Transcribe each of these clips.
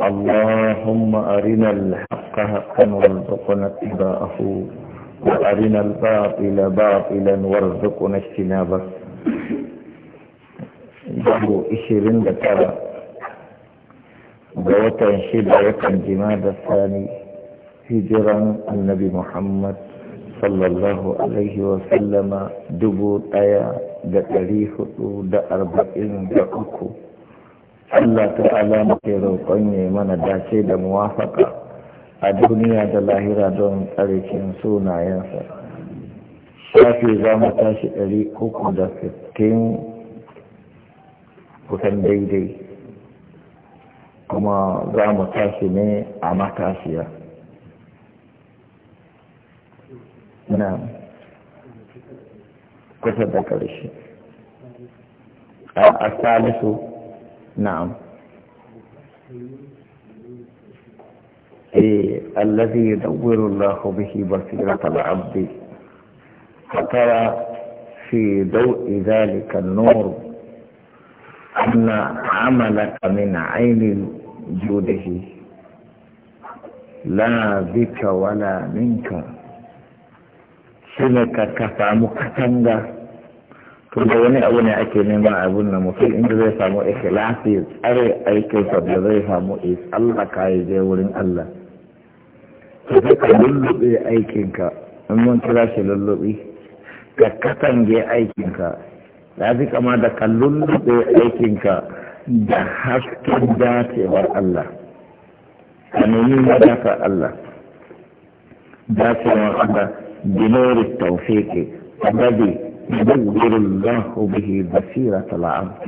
اللهم أرنا الحق حقا وارزقنا اتباعه وأرنا الباطل باطلا وارزقنا اجتنابه يبدو إشرين دكارة بوتا شدة وكان جماد الثاني هجرا النبي محمد صلى الله عليه وسلم دبو آية دكاريه دا أربعين دكوكو Allah ta'ala muke roƙon ya mana dace da muwafaka a duniya da lahira don tsarikin sunayensa. Shafi za mu tashi ɗari uku da sittin kusan daidai, kuma za mu tashi ne a matashiya. Na kusa da ƙarshe. A salisu. na'am eh allazi yadawwiru Allahu bihi Ka al-'abdi fatara fi daw'i dhalika an-nur anna 'amalaka min 'ayni judihi la bika wala minka shine ka ka mu katanga da wani abu ne ake nema abun na mutum inda zai samu ikhlasi tsare aikinsa da zai samu is Allah ka yi wurin Allah ka sai ka lullube aikinka in mun kira shi lullubi ka katange aikinka ya fi kama da ka lullube aikinka da hasken dacewar Allah ka nemi madafar Allah dacewar Allah binorin taufiki tabbabi يدور الله به بصيرة العبد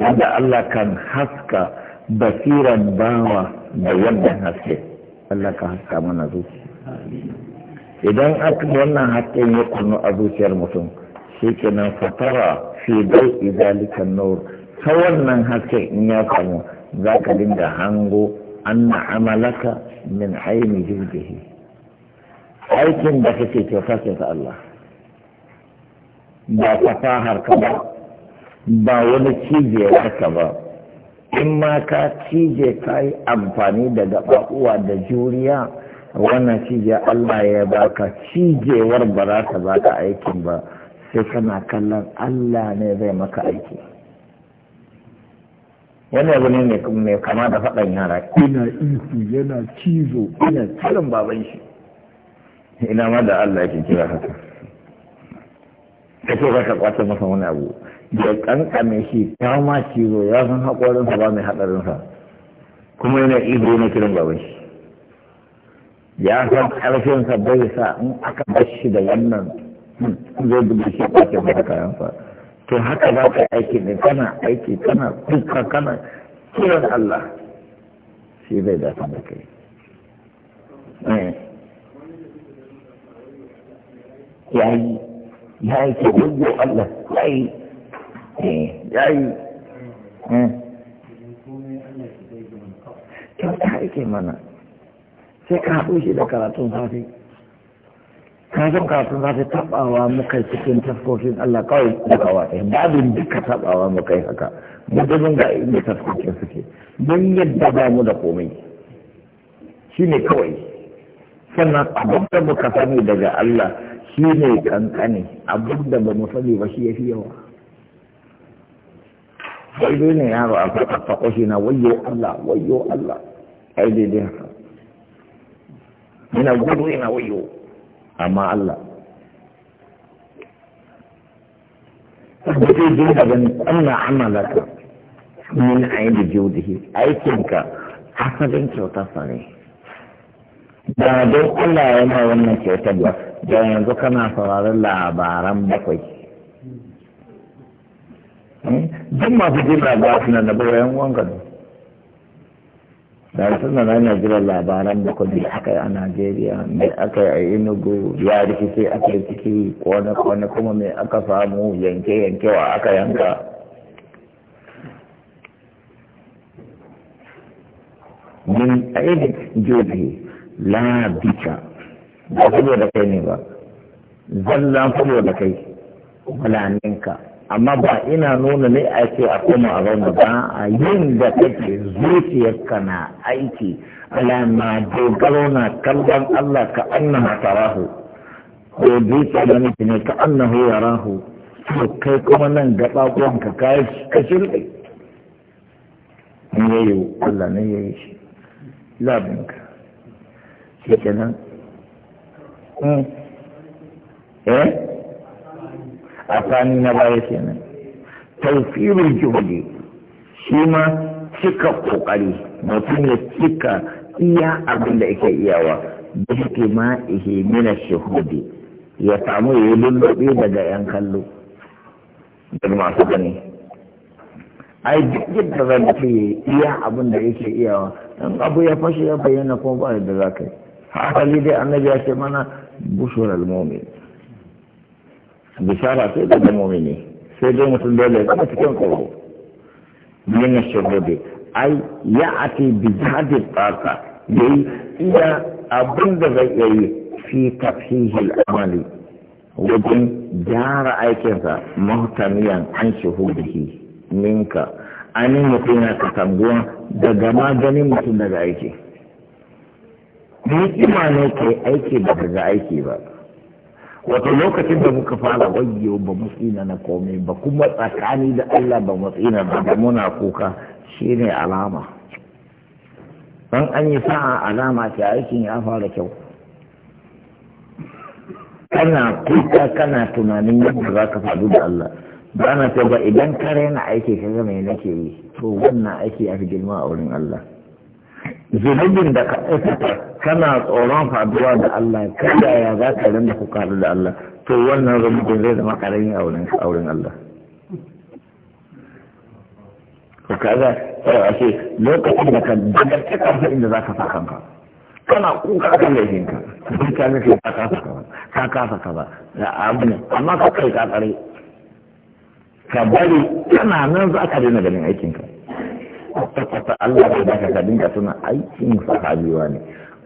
ودا الله كان حسك بصيرا باوى بيد حسك الله كان حسك من أزوك إذا أكملنا حتى يكون أزوك المتون شيكنا فترى في ضوء ذلك النور فولنا حسك إن يقوم ذاك لند هنغو أن عملك من عين جهده aikin da kake kyauta kyauta Allah ba fasahar ka ba ba wani cijewar ka ba in ma ka cije ka yi amfani da uwa da juriya wannan cije Allah ya baka cijewar ba za ta baka aikin ba sai kana kallon Allah ne zai maka aiki wani abu ne mai kama da faɗan yara ina isu, yana cizo ina tsirin baban shi ina ma da Allah yake kira haka da ke za kwace masa wani abu da kankame shi ya ma cizo ya san haƙorinsa ba mai sa kuma yana ido na kiran baban shi ya san sa bai sa in aka bar shi da wannan hmm, zai gudu shi kwace masa kayansa to haka za ka aiki ne kana aiki kana kuka kana kiran Allah shi zai dafa da kai. Eh. Yayi. ya yi ke gudu Allah ya yi eh, ya yi eh. yi ke mana sai ka haɗu shi da karatun safe kasan karatun safe taɓawa muka cikin tafkokin Allah kawai daga wata babin duka taɓawa muka yi haka mutumin ga inda tafkokin suke don yadda ba mu da komai shi ne kawai sannan abin muka sani daga Allah shi ne kankane abin da ba mu sani ba shi ya fi yawa sai dai ne yaro a farfafa shi na wayo Allah wayo Allah ai dai dai haka ina gudu ina wayo amma Allah Tabbatai dai da gani ƙwanna amalaka jiwu ainihin jiudihi aikinka asalin kyautarsa ne da don Allah ya ma wannan kyautar ba da yanzu kana sauraron labaran bakwai hmm? duk masu jin labarai suna na bayan wanka ne da suna na yana labaran bakwai da aka yi a Najeriya mai aka yi a Enugu ya rikice aka yi ciki kone-kone kuma mai aka samu yanke-yankewa aka yanka. من عيب جوده la bika da kai ne ba zallan da kai amma ba ina nuna ne a ce a koma a ranar ba a yin da kake ka na aiki ala na dogaro na kalban Allah ka annaha tarahu ko zuciya da nufi ne ka annahu yarahu to kai kuma nan gaba ka kai ka shirɗe ne yayi Allah ne yi shi labinka kekenan hmm. eh a tsani na baya kenan taufirin juhudi shi ma cika kokari mutum ya cika iya abin da yake iyawa da suke ma ihe mina shahudi ya samu ya yi lullube daga yan kallo daga masu gani ai duk yadda zan ce iya abin da yake iyawa in abu ya fashe ya bayyana kuma ba da za ka yi asali dai annabi ya ce mana bushur mumin bishara sai da mu'mini sai dai mutum dole ya zama cikin tsoro min shuhudi ai ya ati bi jihadi tsaka yayi iya abin da zai yi fi tafhihil amali wajen gyara aikinsa mahtamiyan an shuhudihi minka an yi mutum na katanguwa daga maganin mutum daga aiki hikima ne ke aiki ba ga aiki ba wato lokacin da muka fara wayyo ba mu tsina na komai ba kuma tsakani da Allah ba mu tsina ba da muna kuka shine alama dan an yi sa'a alama ce aikin ya fara kyau kana kuka kana tunanin yadda za ka faɗu da Allah ba na ba idan kare yana aiki ka ga me nake yi to wannan aiki ya fi girma a wurin Allah zunubin da ka aikata kana tsoron faduwa da Allah ka yaya za ka rinda ku karu da Allah to wannan zunubin zai zama karami a wurin Allah ko kaza sai eh, a ce lokacin da ka daga cikin inda za ka sa kanka kana kuka kan laifinka duk ka nufi ka kasa kaza ka kasa kaza da abin amma ka kai ka tsare ka bari kana nan za ka daina ganin aikinka kwata-kwata Allah ya daga ka dinga suna aikin sahabiwa ne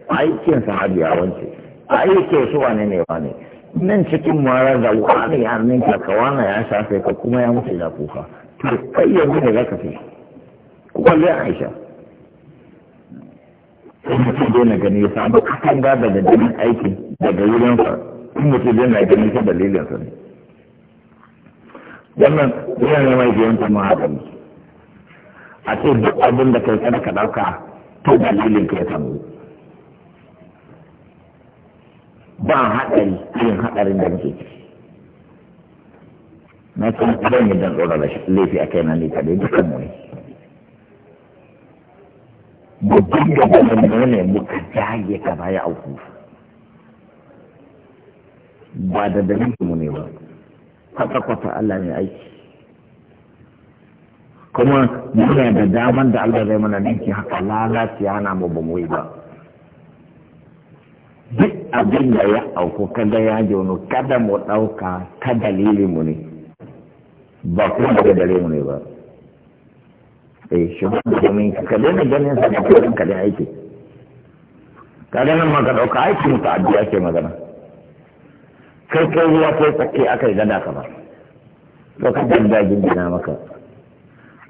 aikin sahabiya wance aikin su wane ne wane nan cikin mara da wani ya ninka ka ya shafe ka kuma ya mutu ya kuka to kai yanzu ne ka fi kwalle Aisha sai zai na gani ya samu katanga daga jirgin aikin daga wurinsa mutu zai na gani ta dalilinsa ne wannan yana mai biyan ta mahadami a ce duk abin da kai kada ka ɗauka ta dalilin ka ya samu ba haɗari irin haɗarin da muke ciki na san idan ne dan tsoron laifi a kai na ne kadai dukkan mu ne babban gaban mu ne muka jaye ka baya auku ba da dalilin mu ne ba kwata-kwata Allah ne aiki kuma muna da daman da Allah zai mana ninki haka lalaci na mu ba mu yi ba duk abin da ya auku kada ya wani kada mu ɗauka ta dalili mu ne ba kuma daga dare mu ne ba eh shi ba domin ka daina ganin sa da kuɗin ka da aiki ka daina ma ka ɗauka mu ka addu'a ke magana kai kai ruwa kai tsakke akai gada ka ba to ka dangajin gina maka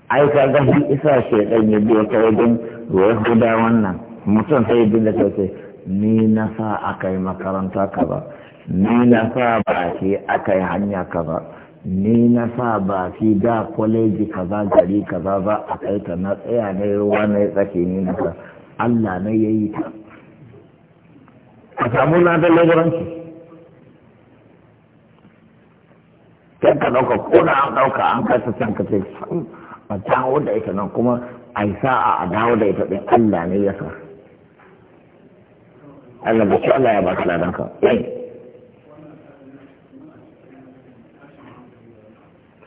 ai ka ga shi isa shaidan ya biya ta wajen yahuda wannan mutum sai bin da sai ni na sa aka yi makaranta kaza ni na sa ba shi aka yi hanya kaza ni na sa ba shi da kwaleji kaza gari kaza ba a kai ta na tsaya na ruwa na tsaki ni na sa Allah na ya yi ta a samu na da laguranci kan ka ɗauka ko da an ɗauka an kasa can ka ce a dawo da ita nan kuma a yi sa'a a dawo da ita ɗin Allah ne ya sa Allah da shi Allah ya ba ka ladanka.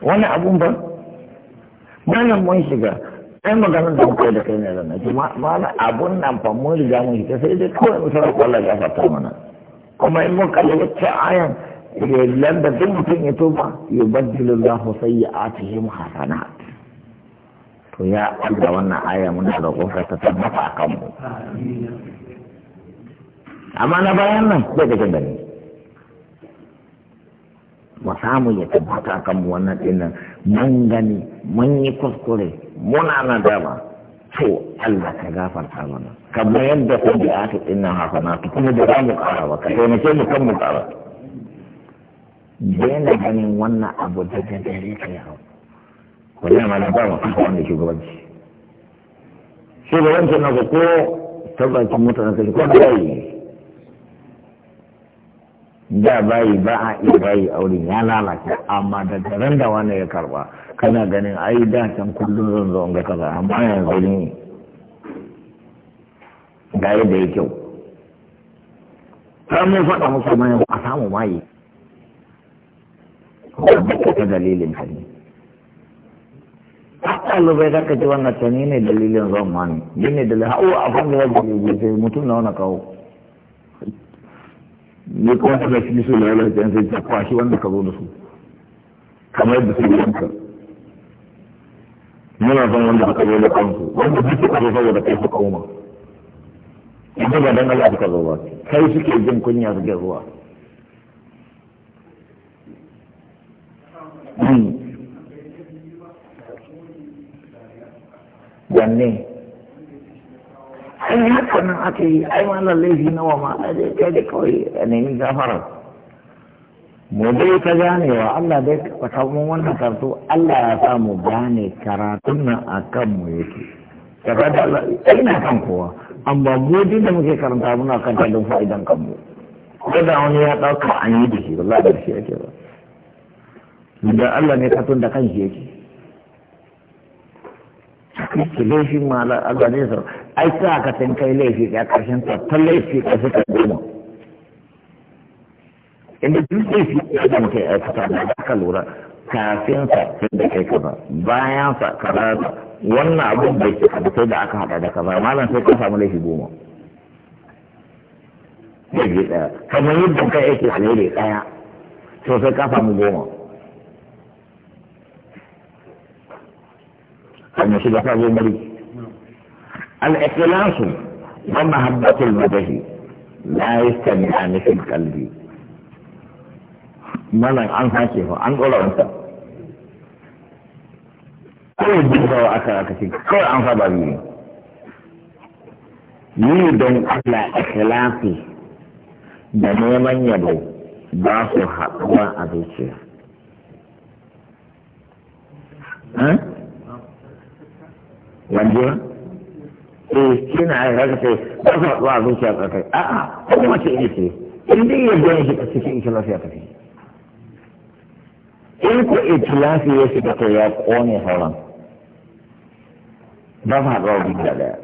wani abun ba malam mun shiga ɗan maganar da muka da kai ne da na malam abun nan fa mun riga mun shiga sai dai kawai mu sanar Allah ya fata mana kuma in mun kalli wacce ayan da duk mutum ya toba yubaddilu Allahu sayyi'atihim hasanat to ya Allah wannan aya muna da ka ta tabbata a kanmu amma na bayan nan bai da gani mu samu ya tabbata a kanmu wannan nan mun gani mun yi kuskure muna na dama to Allah ka gafarta mana kamar yadda kun bi aka dinnan haka na kuma da za mu ƙara ba ka taimake mu kan mu ƙara daina ganin wannan abu da dare ka yawo wallahi ma na ba mu kuma ne shugabanci shugabancin na ko tabbacin mutane kashi ko da yi da bayi ba a iya bayi a wurin ya lalace amma da daren da wani ya karba kana ganin ai da can kullum zan zo ga kaza amma yanzu ne ga yadda ya kyau samun faɗa musu mai a samu maye wanda ka dalilin hali ɗalibai za ka ji wannan ta ne dalilin zuwan wani ne ne dalilin hau a fanga ya gudu sai mutum na wani kawo ne kuma ta shi su lalata yan sai ta kwashi wanda ka zo da su kamar yadda su yanka muna son wanda aka zo da kansu wanda duk ka zo saboda kai su koma idan ba dan Allah ka zo ba kai suke jin kunya suke zuwa hmm. janne ai haka nan aka yi ai malar laifi nawa ma a dai kai da kawai a nemi gafara mu dai ta gane wa Allah dai ka samu wannan karatu Allah ya samu gane karatun nan a kan mu yake kaga da ina kan kowa amma mu da muke karanta muna kan talin fa'idan kanmu ko da wani ya dauka an yi da shi wallahi da shi yake ba da Allah ne tun da kan shi yake kake laifin malar Allah zai sau ai ta ka san kai laifi ga karshen ta ta laifi ka suka goma inda duk laifi ya zama kai aikata da aka lura kafin sa sai da kai kaza bayan sa kaza wannan abun bai ci abu sai da aka hada da kaza malam sai ka samu laifi goma kamar yadda kai yake alheri daya to sai ka samu goma mu shiga fagen bari al-ikhlasu wa mahabbatul madahi la yastami'ani fil qalbi malan an sake an dora wanta kawai dubawa aka aka ce kawai an saba biyu yi don Allah ikhlasi da neman yabo ba su haɗuwa a zuciya eh? wanjewa eh kina yi raka ce ba su zuwa zuciya tsakai a'a kuma mace ina ce in dai ya gani shi cikin ikilafi a tafi in ko ikilafi ya shiga kai ya kone sauran ba sa zuwa zuciya daya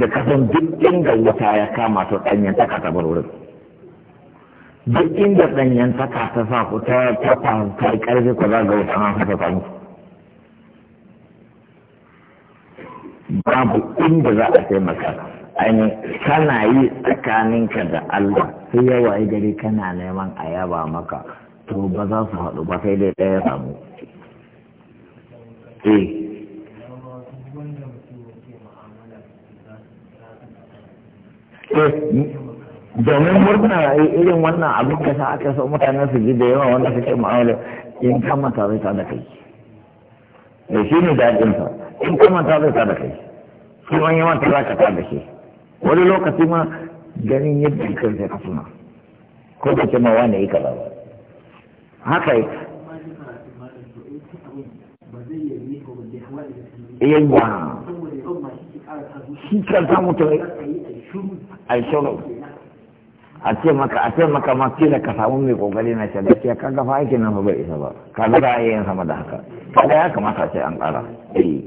da kasan duk inda wuta ya kama to ɗanyen ta ka tabar wurin duk inda ɗanyen ta ka ta sa ku ta ta ta ƙarfi ku za ga wuta ma ka ta samu babu inda za a taimaka ainihin kana yi tsakaninka da Allah sai yawa gari kana neman a yaba maka to ba za su haɗu ba sai dai ɗaya samu eh. eh domin murna irin wannan abin da sa aka so mutane su ji da yawa wanda suke ma'amala in kama tare ta da kai da eh, shi ne daɗinsa in kama tare ta da kai Wani yawan ta za ka ta da shi wani lokaci ma ganin yadda jikin sai ka suna ko da ce ma wani yi kaza ba haka yi yayya shi kan samu ta a ne a ce maka a ce maka ma da ka samu mai kokari na shi da ke ka gafa aikin nan ba bai isa ba ka ga ra'ayin sama da haka kaga ya kamata ce an ƙara eh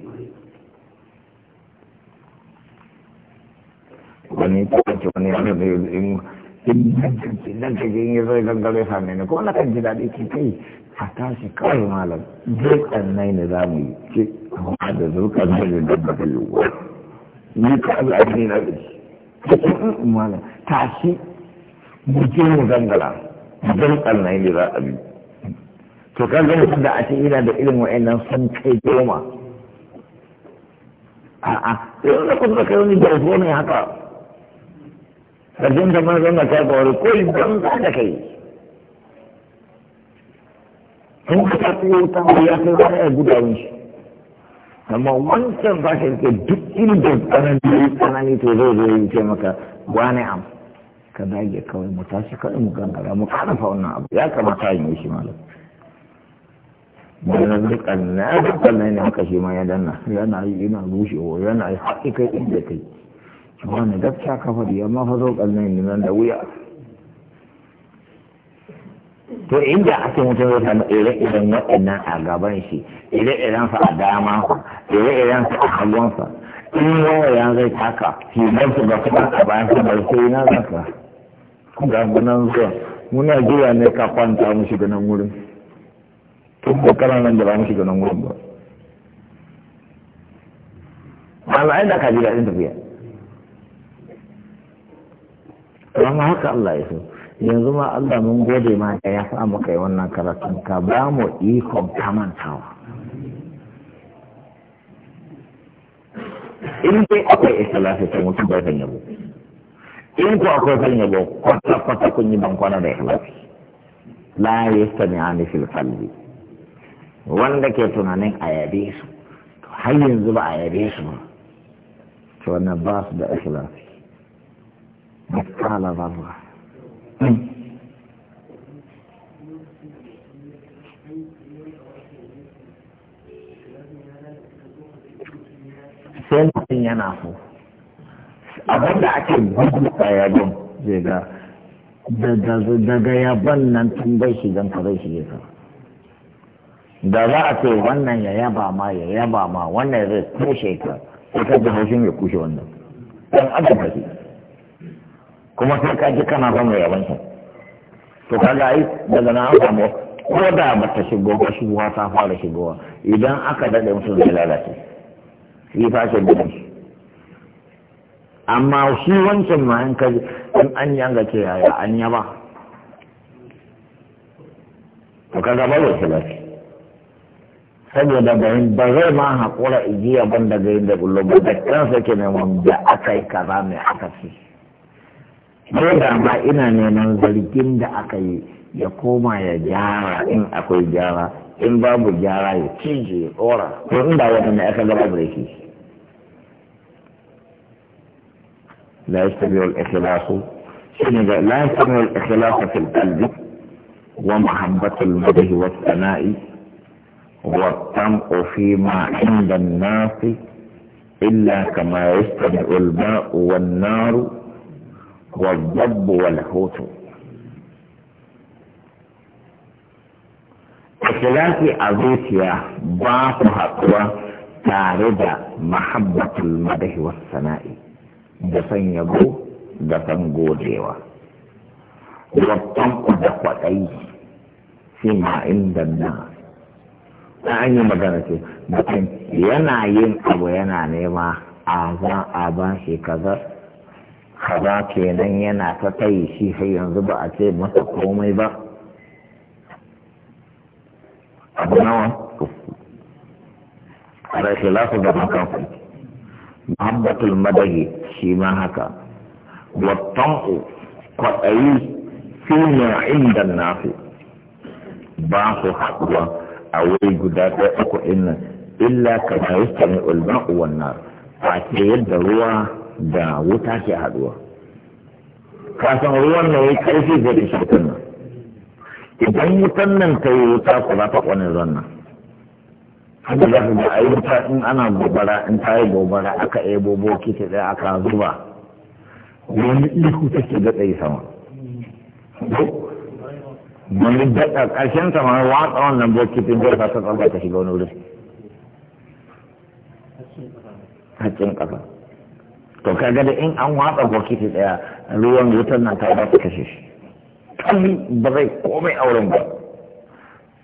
wani kanci wani yana da in inganci nan ka je ya zai gangare same ni kuma na kan ji daɗi ki kai a tashi kawai malam zurkan nai ne za mu yi ce amma da zurkan nai ne da ba ta yi ni ka abu a na ce in mm, in mm, malam tashi mu je mu gangara zurkan nai ne za a bi to kan gani da a ce ina da irin wa'annan sun kai goma a'a yanzu da kusa kai wani jarfo ne haka ka dinga man zama kai ba wani koyi ban da kai in ka tafi wuta ya kai wani ya guda wani amma wancan ba shi ke duk inda tsanani tsanani to zai zo yi ce maka wani am ka dage kawai mu tashi kawai mu gangara mu karafa wannan abu ya kamata yin shi malam bayan dukkan na dukkan na ne haka shi ma ya danna yana yi yana rushewa yana yi haɗi kai inda kai wani gaskiya kafa da yamma fa zo kallon nan da wuya to inda ake mutum zai samu ire-iren waɗannan a gaban shi ire-irensa a dama ire-irensa a sa in ya zai taka shi su ba kuma a bayan sa bai sai na zaka ga munan zuwa muna jiya ne ka kwanta mu shiga nan wurin tun da karan nan da ba mu shiga nan wurin ba amma ai ka ji daɗin tafiya amma haka Allah ya so yanzu ma Allah mun gode ma da ya sa muka yi wannan karatun ka ba mu ikon kamantawa in dai akwai ikhlasi to mutum bai san yabo in ko akwai san yabo kwata kwata kun yi ban kwana da ikhlasi la yastami ani fil qalbi wanda ke tunanin a yabe su har yanzu ba a yabe su ba to wannan ba su da ikhlasi مثقال ذرة sai mutum yana so abin da ake gudu a yabon zai ga daga yabon nan tun bai shigan ka zai shige ka da za a ce wannan ya yaba ma ya yaba ma wannan zai kushe ka sai ka haushin ya kushe wannan dan kuma sai ka ji kana son mai to kaga ai daga nan an mu ko da ba ta shigo ba shigowa ta fara shigowa idan aka dade mutum zai lalace shi fa ce shi amma shi wancan ma in ji in an yi an gace yaya an yaba to kaga ba zai lafi saboda bayan ba zai ma haƙura igiya ban daga yin da kullum ba da kansa ke neman da aka yi kaza mai aka fi ko da ba ina neman zargin da aka yi ya koma ya gyara in akwai gyara in babu gyara ya cije ya tsora ko in ba waɗanda aka gaba birki la yastabi'u ikhlasu shine ga la yastabi'u ikhlasu fil qalbi wa muhabbatul al-madhi wa sana'i wa tam'u fi ma 'inda nasi illa kama yastabi'u al-ma'u wan-naru والضب والحوت ikhlasi a zuciya ba ku haɗuwa tare da mahabbatul madahi was sana'i da san da san godewa wattan ku da kwaɗayi shi ma inda na ta an yi magana ce mutum yana yin abu yana nema a za a ba shi kaza kaza kenan yana ta kai shi har yanzu ba a ce masa komai ba abu nawa ala lafi da makan muhammadul madagi shi ma haka wattan ku kwaɗayi fi inda nafi ba su haɗuwa a wuri guda ɗaya uku ɗin nan illa kamar yastami uwan wannan a ce yadda ruwa da wuta ke haduwa kasan ruwan nan ya karfi zai fi wutan nan idan wutan nan ta yi wuta ku za ta kwanin zan nan haka za ku ga a wuta in ana gobara in ta yi gobara aka bobo bokiti ɗaya aka zuba wani ihu ke ga tsaye sama wani daɗa ƙarshen sama watsa wannan bokitin zai sa ta tsarka ta shiga wani wuri. hakkin ƙasa to kaga da in an watsa bokiti daya ruwan wutar nan ta ba su kashe shi kalli ba zai komai auren ba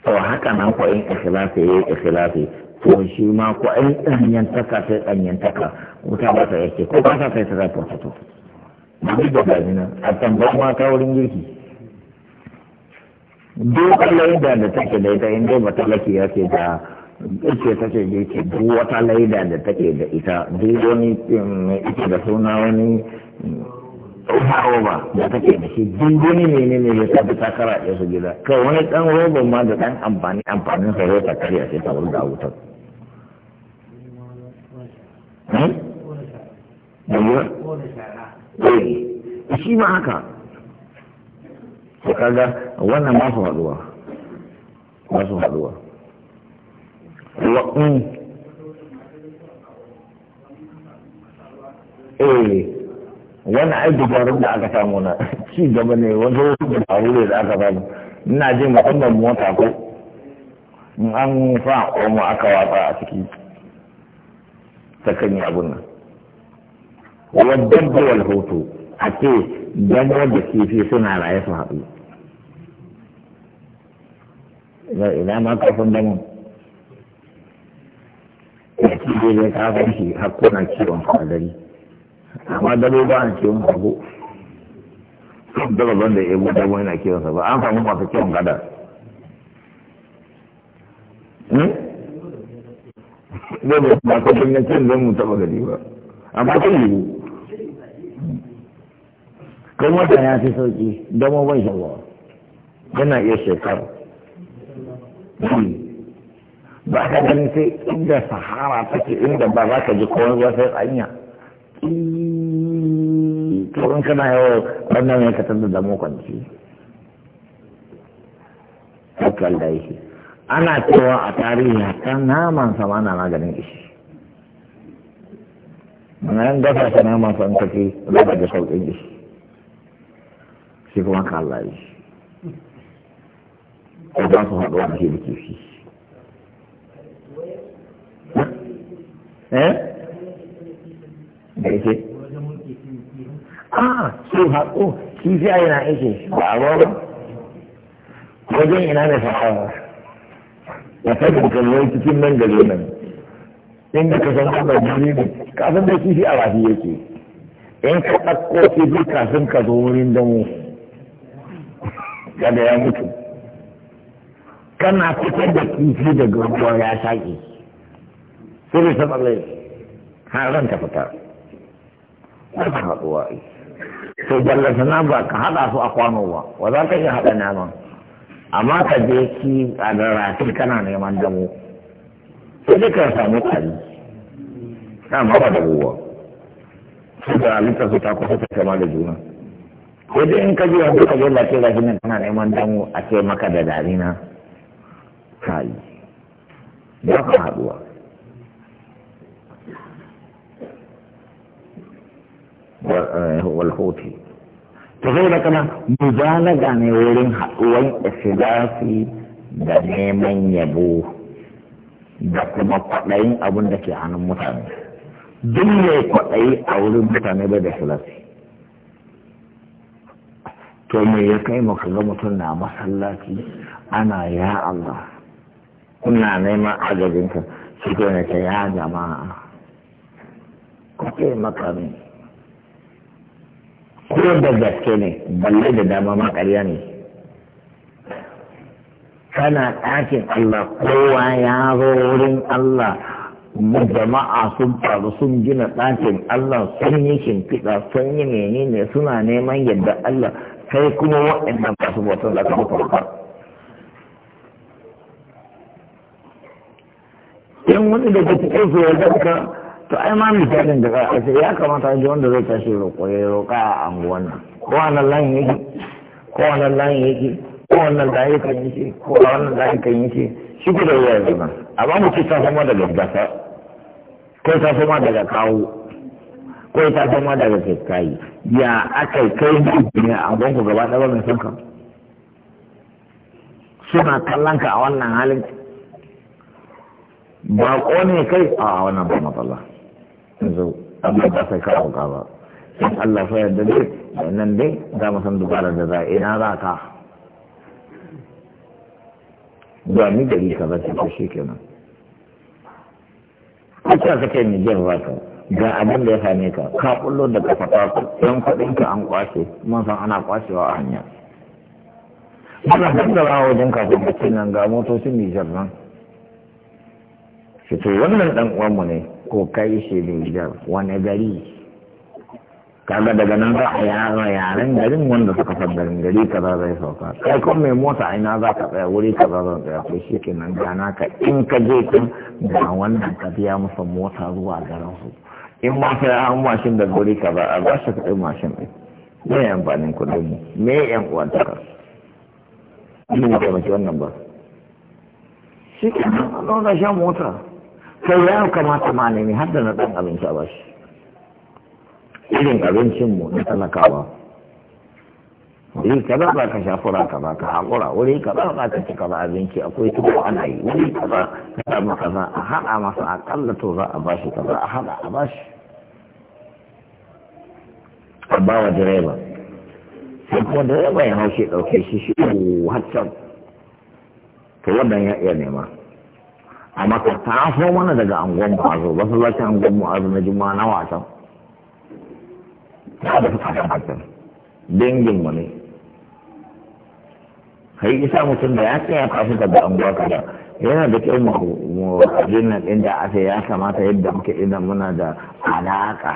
to haka nan ko in ikhlasi ya ikhlasi to shi ma ko in danyen taka sai danyen taka wuta ba ta yake ko ba ta sai ta ta. to ba ni da gani nan a tambar ma ta wurin girki duk Allah da take da ita in dai ba talaki yake da ce take da yake duk wata laida da take da ita duk wani um, ita da suna wani um, roba da take da shi duk wani ne ne ta ta kara ya su gida Ka wani dan roba ma da dan amfani amfanin sa roba kariya sai ta wurga wutar hmm? eh, shi ma haka kaga wannan ma su haduwa ba su haduwa Mm. eh wani ai dubarun da aka samu na ci gaba ne wani wasu dubaru ne da aka samu ina jin musamman mota ko in an sa omo aka watsa a ciki ta kan yi abun nan wadda da hoto a ce dan wadda kifi suna raye su haɗu ina ma kafin damun shi dai zai kafa shi hakkuna kiwon kwadari amma dare ba a kiwon kago daba ban da ya buɗe mai na sa ba an samu masu kiwon kadar zai hmm? ba ba ka bin yakin zan mu taba gari ba amma kan yiwu kan wata ya fi sauki dama ban shawa yana iya shekara hmm. ba ka gani sai inda sahara take inda ba za ka ji kowa ba sai tsanya to in kana yawo wannan ya katar da damu kwanci haka da yake ana cewa a tarihi ta naman sama na maganin ishi nan dafa ta naman sa in ke, ce za ka ga sauƙin ishi shi kuma ka Allah ishi ba su haɗu a shi da kifi eh da yake a su haƙo kifi a yana aiki ba a ba wajen ina ne fasawa ya fadin kalwai cikin nan gare nan inda ka san ana jiri ne kafin da kifi a wafi yake in ka ɗauko kifi kafin ka zo wurin damo kada ya mutu kana fitar da kifi daga ruwa ya shaƙi sai bai san har ran fita har haɗuwa to ballanta nan ba ka haɗa su a kwano ba wa za ka iya haɗa naman amma ka je ki a rarrafi kana neman damo sai dai ka samu kari dama ba da ruwa su da halitta su ta kusa ta kama da juna ko dai in ka ji wanda ka je lafiya lafiya nan kana neman damo a ce maka da darina kai ba ka haɗuwa walhoti ta zai da kana mubalaga ne wurin haɗuwan ikhlasi da neman yabo da kuma kwaɗayin abin da ke hannun mutane duk mai kwaɗayi a wurin mutane ba da ikhlasi to me ya kai maka ga mutum na masallaci ana ya Allah kuna neman agajinka shi ne ta ya jama'a ku maka ko da gaske ne balle da dama ma ƙarya ne kana ɗakin Allah kowa ya zo wurin Allah jama'a sun faru sun gina ɗakin Allah sun yi shimfiɗa sun yi menene suna neman yadda Allah sai kuma waɗannan masu bautan za ka mutu in wani daga cikin su ya zanka to ai ma misalin da za ya kamata ji wanda zai tashi roƙo ya roƙa a anguwan nan ko wannan layin yake ko wannan layin yake ko wannan layin kan yake ko a wannan layin kan yake shi ku da wuya zama a ba? mu ci ta fama daga gasa ko ta fama daga kawo ko ta fama daga kai ya aka kai ne a gwan ku gaba ɗaya mai son suna kallon ka a wannan halin ba ne kai a wannan ba matsala yanzu abin da sai ka auka ba in Allah fa yarda dai nan dai za mu san dubarar da za ina za ka ba ni gari ka ba ta shi nan kuka ka kai ni jin ka ga abin da ya same ka ka kullo da kafa ku yan kuɗin ka an kwashe mun san ana kwashewa a hanya ana gaggawa wajen kafin mutum nan ga motocin Nijar nan. Shi to wannan ɗan uwanmu ne ko kai shi Nijar wani gari kaga daga nan za a yara yaren garin wanda suka san garin gari za zai sauka kai kuma mai mota a ina za ka tsaya wuri ka za zai tsaya ko shi ke nan gana ka in ka je kan ga wannan ka biya masa mota zuwa garin su in ma sai an mashin da wuri ka za a ba shi kuɗin mashin ɗin me amfanin kuɗin mu me yan uwan taka ni ba ka wannan ba shi ke nan da shan mota kai ya kamata ma nemi har da na ɗan abinci a bashi irin abincinmu na talakawa wuri kaza za ka shafura ka ba ka haƙura wuri ba za ka ci ba abinci akwai tuba ana yi wuri ba ka samu za a haɗa masa aƙalla to za a bashi za a haɗa a bashi a ba wa direba sai kuma direba ya haushe ɗauke shi shi haccan to wannan ya iya nema a maka ta so mana daga angon kwazo ba su zaki angon mu azu na juma'a na wasan ta da suka ta hakan mu ne kai isa mutum da ya tsaya kasu daga angon da yana da kyau mu abin nan da aka ya kamata yadda muke idan muna da alaƙa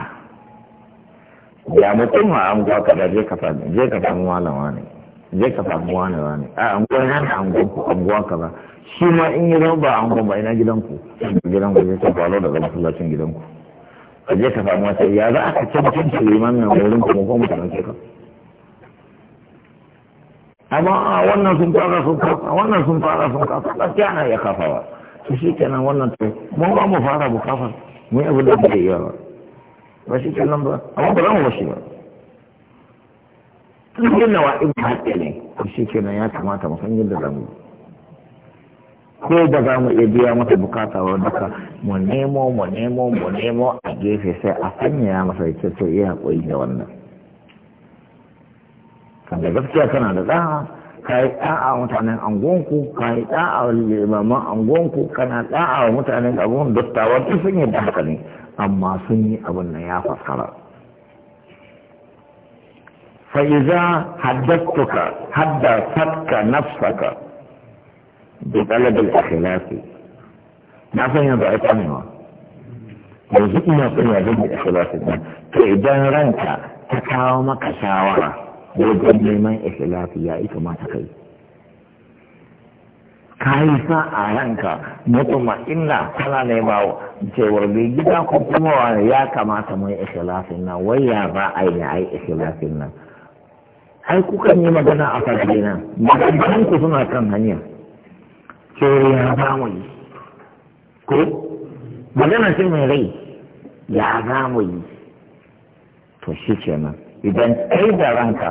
ya mutum a angon da je ka zai ka samu malama ne zai ka samu wane wane a angon yana angon ku angon shi ma in yi zama ba an ba ina gidanku gidan zai ta falo daga masallacin gidanku a je ta faɗi wata ya za a ce su ce limamin wurin kuma kuma mutanen ke ka amma a wannan sun fara sun kafa wannan sun fara sun kafa gaskiya na iya kafawa to shi kenan wannan to mun ba mu fara mu kafa yi abin da muke yi ba ba shi kenan ba amma ba za mu bashi ba tun yin nawa in haƙƙi ne to shi kenan ya kamata mu san yadda za yi ko ba za mu iya biya masa bukata wa duka mu nemo mu nemo mu nemo a gefe sai a sanya masa ya to iya hakuri da wannan da gaskiya kana da da'a ka yi da'a mutanen angonku ka yi da'a limaman angonku kana da'a wa mutanen abun dattawa duk sun yi haka ne amma sun yi abun nan ya faskara fa'iza haddastuka haddasatka nafsaka بطلب الاخلاق ما فهم بعثمها yanzu ina son ya zama ikhlasi ɗin to idan ranka ta kawo maka shawara wajen neman ikhlasi ya ita mata kai ka yi sa a ranka mutuma ina tana nema cewar bai gida ko kuma wani ya kamata mai ikhlasin nan wai ya ba a yi nan ai kukan yi magana a farko nan maganganun suna kan hanyar. sai ya ba mu yi ko magana sai mai rai ya za mu yi to shi kenan idan kai da ranka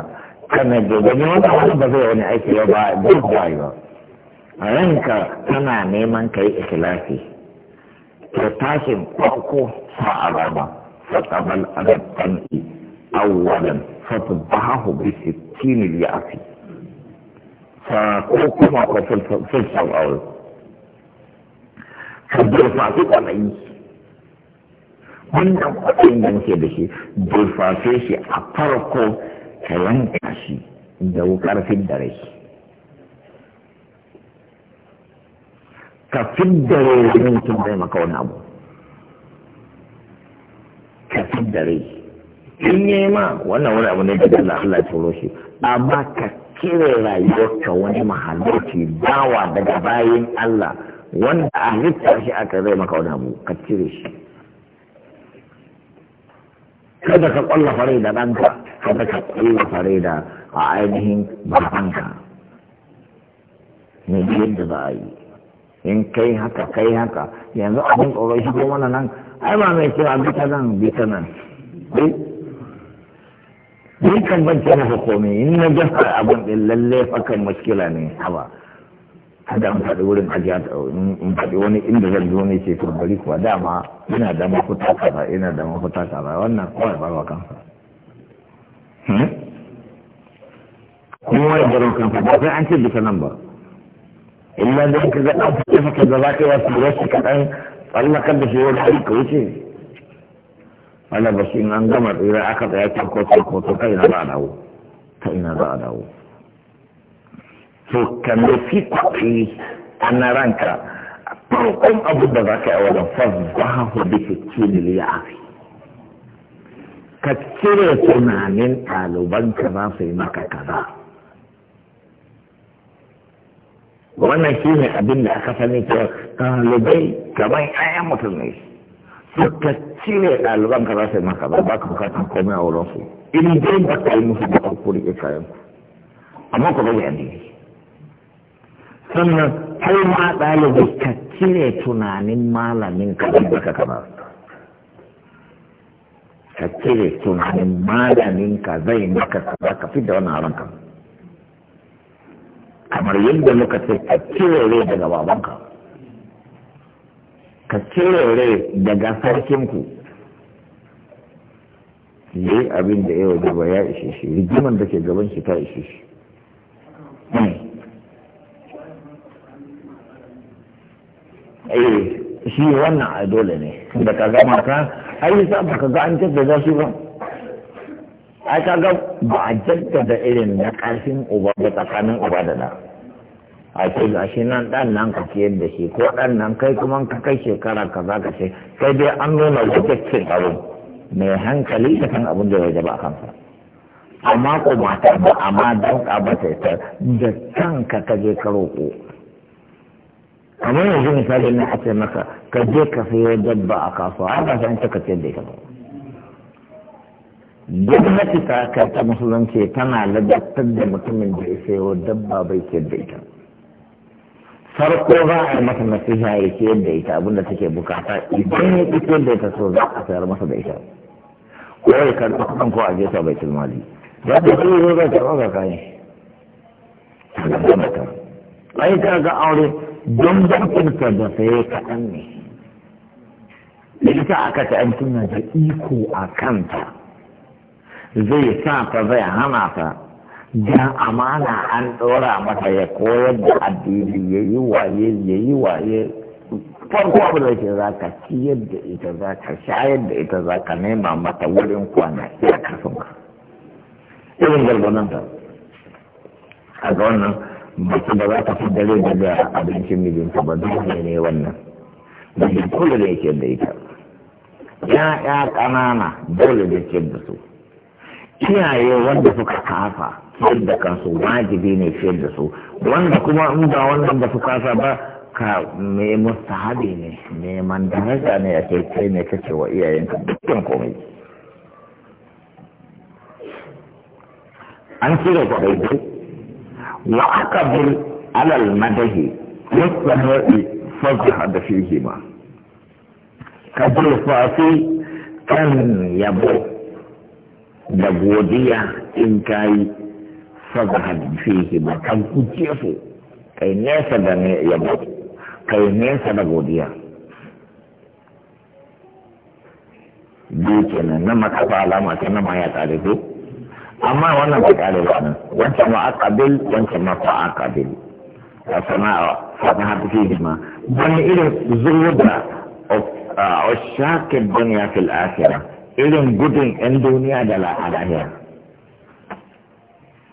kana da gani wanda wani ba zai wani aiki ya ba duk bai ranka tana neman kai ikhlasi to tashin farko sa alama fatabal adab tan'i awwalan fatabahu bi sittin li'afi fa ko kuma ko fulfan aure ka durfafi kwanayi wannan kwaɗayin da muke da shi durfafe shi a farko ka yanka shi da ƙarfin da rai ka fidda rai wani mutum wani abu ka fidda in yi wannan wani abu ne da Allah Allah ya amma ka cire rayuwarka wani mahalarci dawa daga bayan Allah wanda a halitta shi aka zai maka wani abu ka cire shi kada ka kwalla fare da ɗanka kada ka kwalla fare da a ainihin babanka ne da za a yi in kai haka kai haka yanzu abin tsoron shi ko mana nan ai ba mai cewa bita nan bita nan sai kan bance maka komai in na jafa abin din lalle fakan maskila ne haba kada an faɗi wurin ajiya in faɗi wani inda zan zo ne ce turbari kuwa dama ina da mafuta kaza ina da mafuta kaza wannan kawai ba wa kansa kowa ya baro kansa ba sai an ce bisa nan ba illa da ka ga ɗan fata fata da za ka yi wasu wasu kaɗan tsallakar da shi wani aiki wuce wala ba shi an gama tsira aka tsaya can ko can ko to kai na ba dawo kai na ba dawo to kan da fi kwaɗi ana ranka farkon abu da za ka yi wajen fasbahu bi fitilil ya'afi ka cire tunanin ɗalibanka za su yi maka kaza wannan shi ne abin da aka sani cewa ɗalibai kamar 'ya'yan mutum ne Ka cire ɗaliban ka za maka ba ba ka bukatar komai a wurin su in dai ba ka yi musu ba ku rike kayan ku amma ku rage addini sannan kai ma ɗalibi ka cire tunanin malamin ka da ka kama ka cire tunanin malamin ka zai maka kaza ka fi da wannan haranka kamar yadda muka ce ka cire rai daga babanka ka cire rai daga sarkinku yi abin da yawa gaba ya ishe shi rigiman da ke gaban shi ta ishe shi eh shi wannan a dole ne da ka gama ka ayi sa ba ka ga an jaddada shi ba ai ka ga ba a jaddada irin na ƙarfin uba da tsakanin uba da da a ce ga shi nan ɗan nan ka ciyar da shi ko ɗan nan kai kuma ka kai shekara ka za ka ce sai dai an nuna cikakken abin mai hankali da kan abin da ya jaba kansa amma ko mata ba amma don ka ba ta da kanka ka je ka roƙo kamar yanzu misali na a ce maka ka je ka sayo dabba a kasuwa har ba san ka ciyar da ita ba gwamnati ta ta musulunci tana ladabtar da mutumin da ya sayo dabba bai ciyar da ita farko za a yi masa nasiha ya ce yadda ita abin da take bukata idan ya ƙi yadda ita so za a sayar masa da ita ko ya karɓi kuɗin ko a je sa bai tilmali ya ce shi zo zai karɓa ga kayan ai ta ga aure don ka da saye kaɗan ne da ita aka ta an tuna da iko a kanta zai sa ta zai hana ta da amana an ɗora mata ya koyar da addini ya yi waye ya yi waye farko abin da ke za ka ciyar da ita za ka shayar da ita za ka nema mata wurin kwana ya kasan ka irin galbanan ta a ga wannan mace ba za ta fi dare daga abincin mijinta ba dole ne wannan da kula da yake da ita ya ya ƙanana dole ne ke da su iyaye wanda suka kafa fiyar da kansu wajibi ne fiyar da su wanda kuma in ba wannan ba su kasa ba ka me haɗi ne neman daraja ne a kai ne kake wa ka dukkan komai an cire kwaɗaiku wa aka bil alal madahi na yi fasa da fihi ma ka fasi kan yabo da godiya in kayi فاذهب فيه مكان كتيفه كي نيسا يبو كي نيسا بغوديا biyu kenan nan makafa alama ta nan ma ya tsare ko amma wannan ba kare ba nan wancan ma aqabil wancan ma fa aqabil sana'a sana'a ta fi ma wani irin zuwa a shakin duniya fil akhirah irin gudun yan duniya da lahira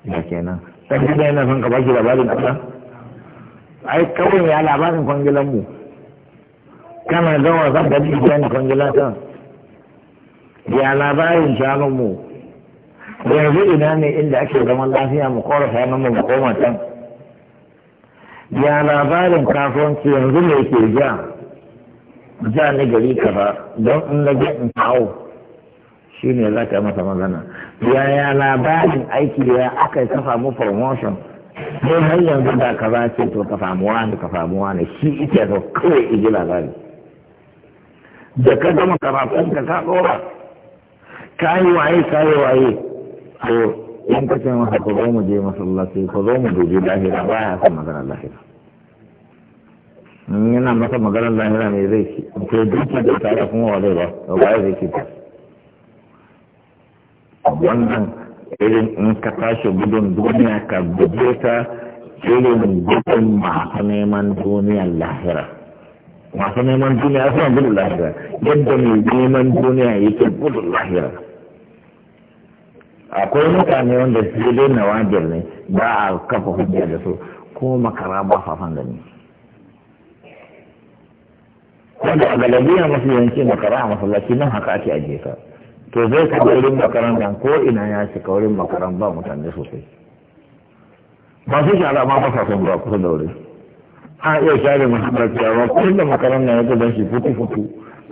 ya kenan dan gida yana son ka baki labarin Allah ai kawai ya labarin kwangilan mu kana gawa zan ga biyan kwangilan ta ya labarin shanun mu yanzu ina ne inda ake zaman lafiya mu kora shanun mu mu koma can ya labarin kasuwanci yanzu ne ke ja ja ni gari kaza don in na je in kawo shi ne za ka masa magana yaya labarin aiki ya aka yi ka samu promotion ne har yanzu da ka za ce to ka samu wani ka samu wani shi ita so kawai iji labari da ka gama karatun ka ka ka yi waye ka yi waye to in ka ce masa ka zo mu je masallaci ka zo mu dubi lahira ba ya san maganar lahira yana masa maganar lahira ne zai ci to duk da tare kuma wa zai ba ba zai ci ba wannan irin in ka tashi gudun duniya ka guje ta irin gudun masu neman duniyar lahira masu neman duniya suna gudun lahira yadda mai neman duniya yake gudun lahira akwai mutane wanda su dai na wajen ne ba a kafa hujja da su ko makara ba fafan da ni wanda a galabiya masu yanki makara a masallaci nan haka ake ajiye ka to zai ka wurin makarantar ko ina ya shiga wurin makaran ba mutane sosai ba su shara ma ba sa son ba kusa da wurin a iya share muhammad ba kullum da makaran ya yake shi futu futu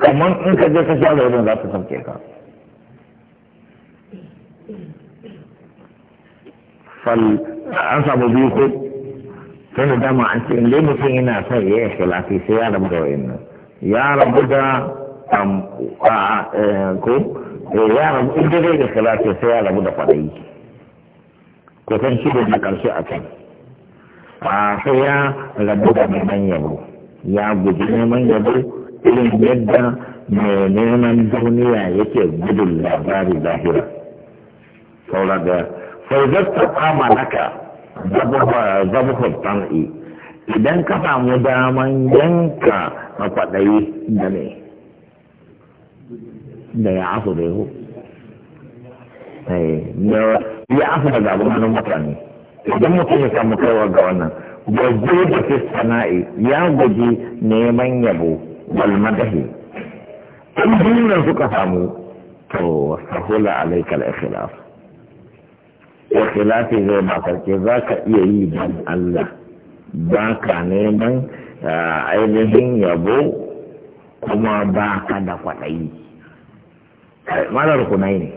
amma in ka je ka share wurin za su sauke ka fal an samu biyu ko sai da dama an ce in dai mutum yana son ya yi sai ya rabu da nan ya rabu da eh, ko eh ya rabu in dai da salati sai ya rabu da kwadayi ko san shi da karshe a kai A sai ya rabu da neman yabo ya guji neman yabo irin yadda mai neman duniya yake gudun labari zahira saura da faizarta kama naka zabuhar tan'i idan ka samu daman yanka a kwaɗayi da ne da ya afu da yahu eh, ya afu daga abin hannun mutane idan mutum ya samu kaiwa ga wannan gwaje da fi sana'i ya guji neman yabo balmadahi in biyunan suka samu to sahula alaikal ikhlas ikhlasi zai ba sarki za ka iya yi don Allah ba ka neman ah, ainihin yabo kuma ba ka da kwaɗayi malar kunai ne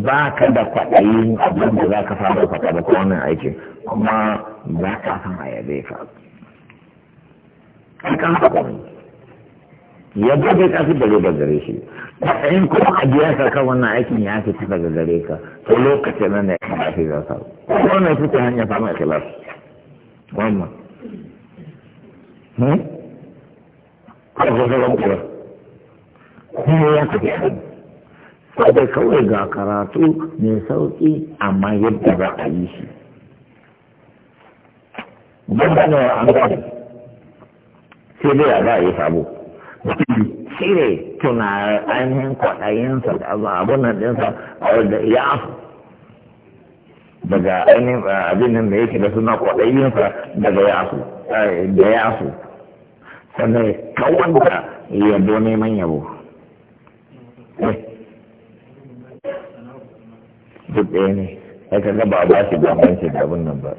ba ka da kwaɗayin abin da za ka fara faɗa da wannan aikin kuma za ka san a yabe ka kan ne yadda bai kasu dare da gare shi kwaɗayin kuma a biya ka kan wannan aikin ya fi daga gare ka to lokacin nan da ya kama fi za ka wani fi ta hanyar fama kilas wannan ko ko ko ko ne ya tafi abin sai kawai ga karatu mai sauƙi amma yadda ba a yi shi ban da nawa an gani sai dai za a yi sabo shi ne tuna ainihin kwaɗayensa da abin nan ɗinsa da ya afu daga ainihin abin nan da yake da suna kwaɗayensa daga ya afu da ya afu sannan kawanta yabo neman yabo duk ɗaya ne ba ba shi da abin nan ba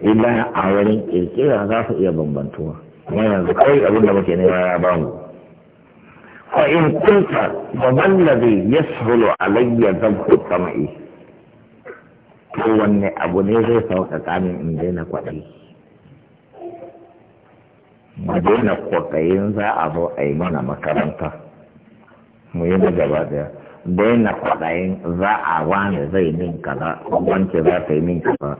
illa a wurin kirkira za su iya bambantuwa kuma yanzu kawai abin da muke nema ya ba mu fa in kunta fa man ladhi yashulu alayya dhabhu sam'i Ko wanne abu ne zai sauƙaƙa min in daina kwaɗayi mu daina kwaɗayin za a zo a yi mana makaranta mu yi na gaba daya daina kwaɗayin za a wani zai min kaza wance za ta yi min kaza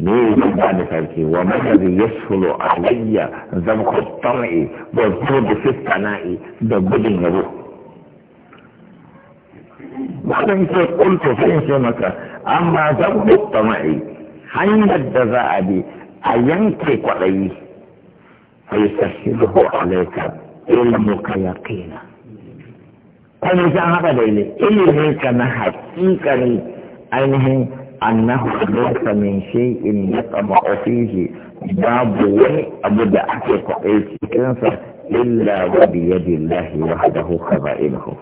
ne yi ba da sarki wa mazari ya sulo alayya zan kwastamai da zo da fistana'i da gudun yabo wannan ke kulto sai ce maka amma zan kwastamai hanyar da za a bi a yanke kwaɗayi sai ko alaika ilmuka yaqina kuma san haka daidai ilimin ka na hakikanin ainihin annahu laysa min shay'in yaqma'u fihi babu wani abu da ake kwaɗe cikinsa illa wa biyadillahi wahdahu khaza'inuhu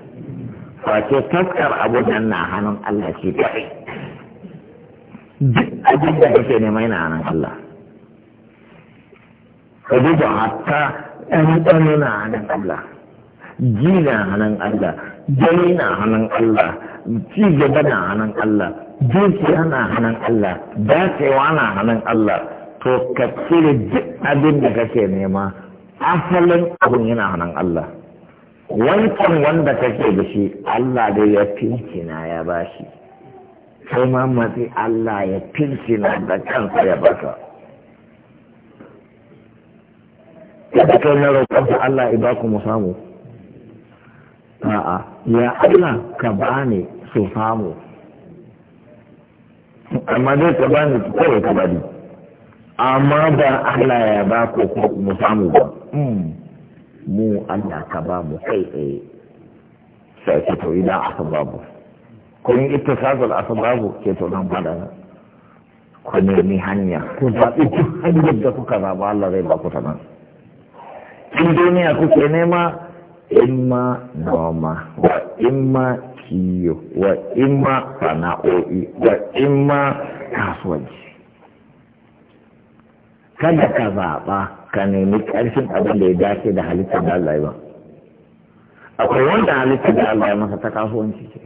face taskar abu nan na hannun Allah shi kaɗai duk abin da kake nema yana hannun Allah ka duba hatta ɗan ɗan na hannun Allah ji na hannun Allah gani na hannun Allah ci gaba na hannun Allah dukiya na hannun Allah dacewa na hannun Allah to ka cire duk abin da kake nema asalin abin yana hannun Allah wancan wanda kake da shi Allah dai ya fincina ya bashi sai ma matsi Allah ya fincina da kansa ya baka kada kai na roƙon Allah ibaku baku mu samu a'a ya Allah ka bani su samu amma dai ka bani kawai ka bani amma ba Allah ya ba ku mu samu ba hmm. mu Allah ka ba mu kai tsaye sai ce to idan aka babu kun ittifaqul asbabu ke to nan fada ku nemi hanya ku zaɓi duk hanyar da kuka zaɓa Allah zai ba ku ta nan in duniya kuke nema imma noma wa imma kiyo wa imma sana'o'i wa imma kasuwanci kada ka zaɓa ka nemi ƙarfin abin da ya dace da halittar da Allah ba akwai wanda halittar da Allah ya masa ta kasuwanci ce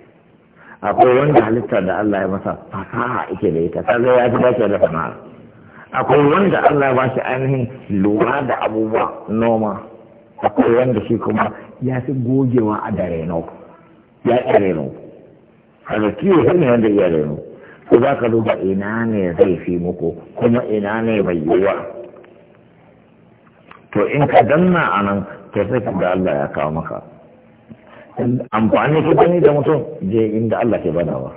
akwai wanda halittar da Allah ya masa fasaha ake da ita zai ya fi dace da sana'a akwai wanda Allah ba shi ainihin lura da abubuwa noma akwai wanda shi kuma ya fi gogewa a da reno ya iya reno kaga kiwo shi ne wanda iya reno ko za ka duba ina ne zai fi muku kuma ina ne mai yiwuwa to in ka danna a nan to sai ka Allah ya kawo maka amfani ka gani da mutum je inda Allah ke badawa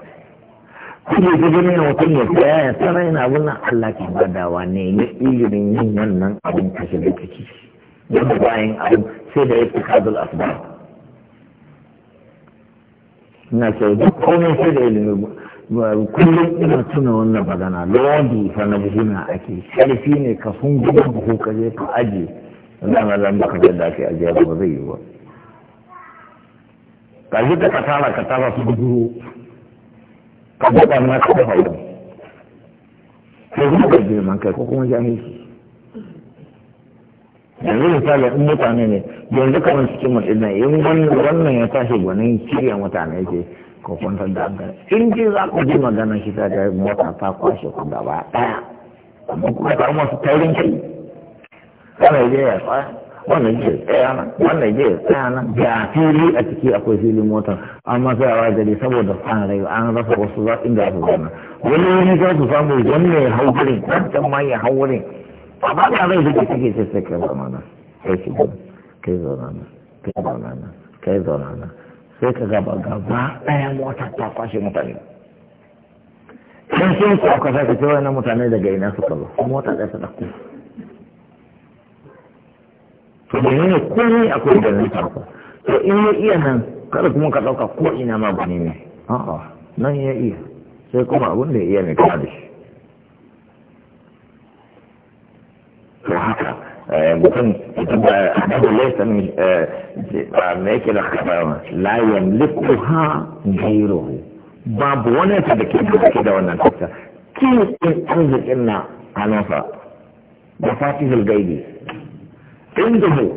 kuma ka gani da mutum ya tsaya ya tsara yana abin Allah ke badawa ne ne ilimin yin wannan abin kashe shi wanda bayan abu sai da ya fi kadul asbab ina ce da komai sai da ilimi kullum ina tuna wannan magana lodi fa na buhuna ake sharfi ne ka sun gina buhu ka je ka aje zan zan baka da ake aje ba zai yi ba ka ji da ka tara ka tara su guduro ka buɗa na ka dafa wurin sai kuma ka je man kai ko kuma jami'i yanzu misali in mutane ne yanzu kamar cikin mutum in wannan ya tashi gwanin shirya mutane ke ko kwantar da hankali in ji za ku ji maganar shi ta jari mota ta kwashe ku gaba ɗaya amma kuma ta masu taurin kai wannan je ya tsaya wannan je ya tsaya nan wannan je ya tsaya nan ga fili a ciki akwai filin motar amma sai a wajeri saboda san rai an rasa wasu za inda su zana wani wani za su samu wannan ya hau gurin wancan ma ya hau gurin amma ba zai zuke kake ce sai kai zauna nan kai ki gudu kai zauna nan kai zauna kai zauna sai ka gaba gaba ɗaya mota ta kwashe mutane sai sai ku ce mutane daga ina suka zo mota ɗaya ta to da ne akwai da nan farko to in ya iya nan kada kuma ka ɗauka ko ina ma ba ne a'a nan ya iya sai kuma abin da ya iya ne ka da shi to eh, mutum idan ba annabi laysa eh, ba me yake da kafa la ha ghayruhu babu wani ta da ke da wannan tafsir ki in arzikin na hannunsa da fati fatihul gaibi inda mu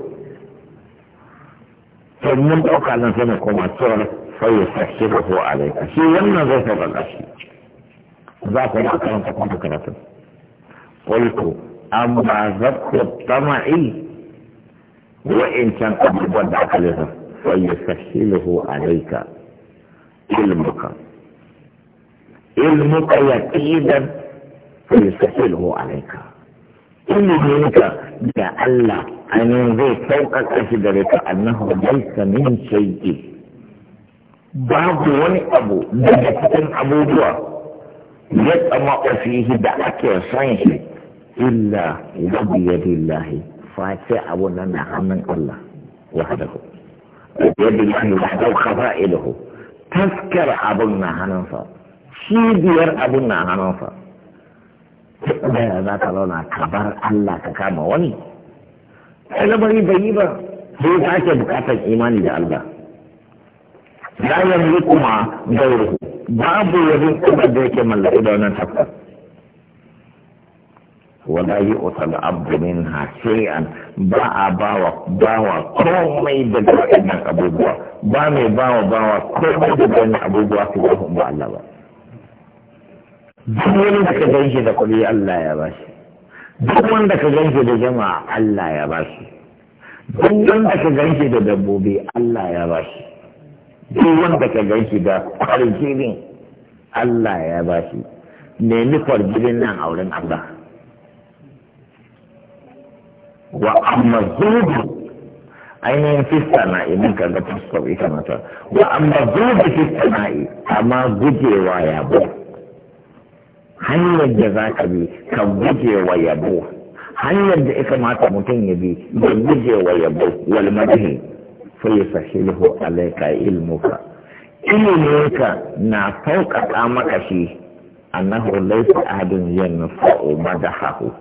sai mun ɗauka nan sai mu koma tsoron sai ya sashe da ko alaika shi wannan zai sauƙaƙa shi za ku yi a karanta kwanta karatun قلت أما ذبح الطمع وإن كان قد يبدع عليها ويسهله عليك علمك علمك يقينا فيسهله عليك إن علمك لعل أن ينظر فوق أشدرك أنه ليس من شيء babu وني أبو daga أبو abubuwa يتأمأ فيه دعك da ake illa wabiyadillahi face abu nan na hannun Allah wahdahu wabiyadillahi wahdahu khafa'iluhu taskar abun na hannunsa cibiyar abun na hannunsa da za ka zauna kabar Allah ka kama wani ina bari bai yi ba sai ta ake bukatar imani da Allah la yamliku ma gairuhu babu wani kuma da yake mallaki da wannan tafsir wala yi otal abu min ha shay'an ba a bawa bawa komai daga waɗannan abubuwa ba mai bawa bawa komai daga wannan abubuwa su ba ba Allah ba duk wani da ka ganshi da kuɗi Allah ya ba shi duk wanda ka ganshi da jama'a Allah ya ba shi duk wanda ka ganshi da dabbobi Allah ya ba shi duk wanda ka ganshi da kwarin Allah ya ba shi nemi kwargirin nan auren Allah wa amma zubi ainihin fista na idan ka ga fuskar ita mata wa amma zubi fista na amma gujewa yabo hanyar da za ka bi ka gujewa yabo hanyar da ya kamata mutum ya bi da gujewa yabo wal madhi fa yusahhiluhu alayka ilmuka ka na sauƙaƙa maka shi annahu laysa ahadun yanfa'u madahahu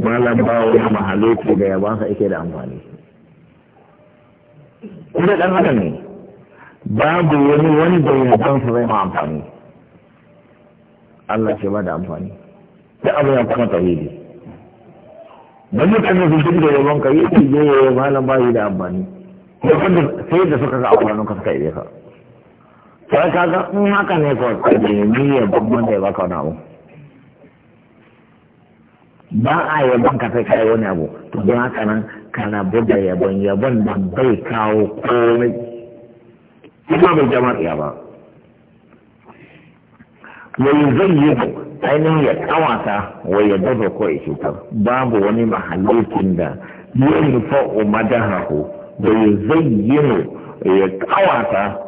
malam ba wani mahaloki da yabansa ake da amfani kuma dan haka ne babu wani wani wanda yabansa zai ma amfani Allah ce ba da amfani da abu ya kuma tawili. dan mutane sun duk da yabon ka yake je ya malam bawo da amfani sai da suka ga amfanin ka suka yi ka sai kaga in mm, haka ne ko ka je ni ya babban da ya baka wani abu ba a yabon ka sai kai wani abu to don haka nan kana buga yabon yabon da bai kawo komai kuma bai jama'a ba wani zai yi ainihin ya kawata wa ya dafa ko ya cutar babu wani mahalokin da yin fa'o madahahu da wani zai yi ya kawata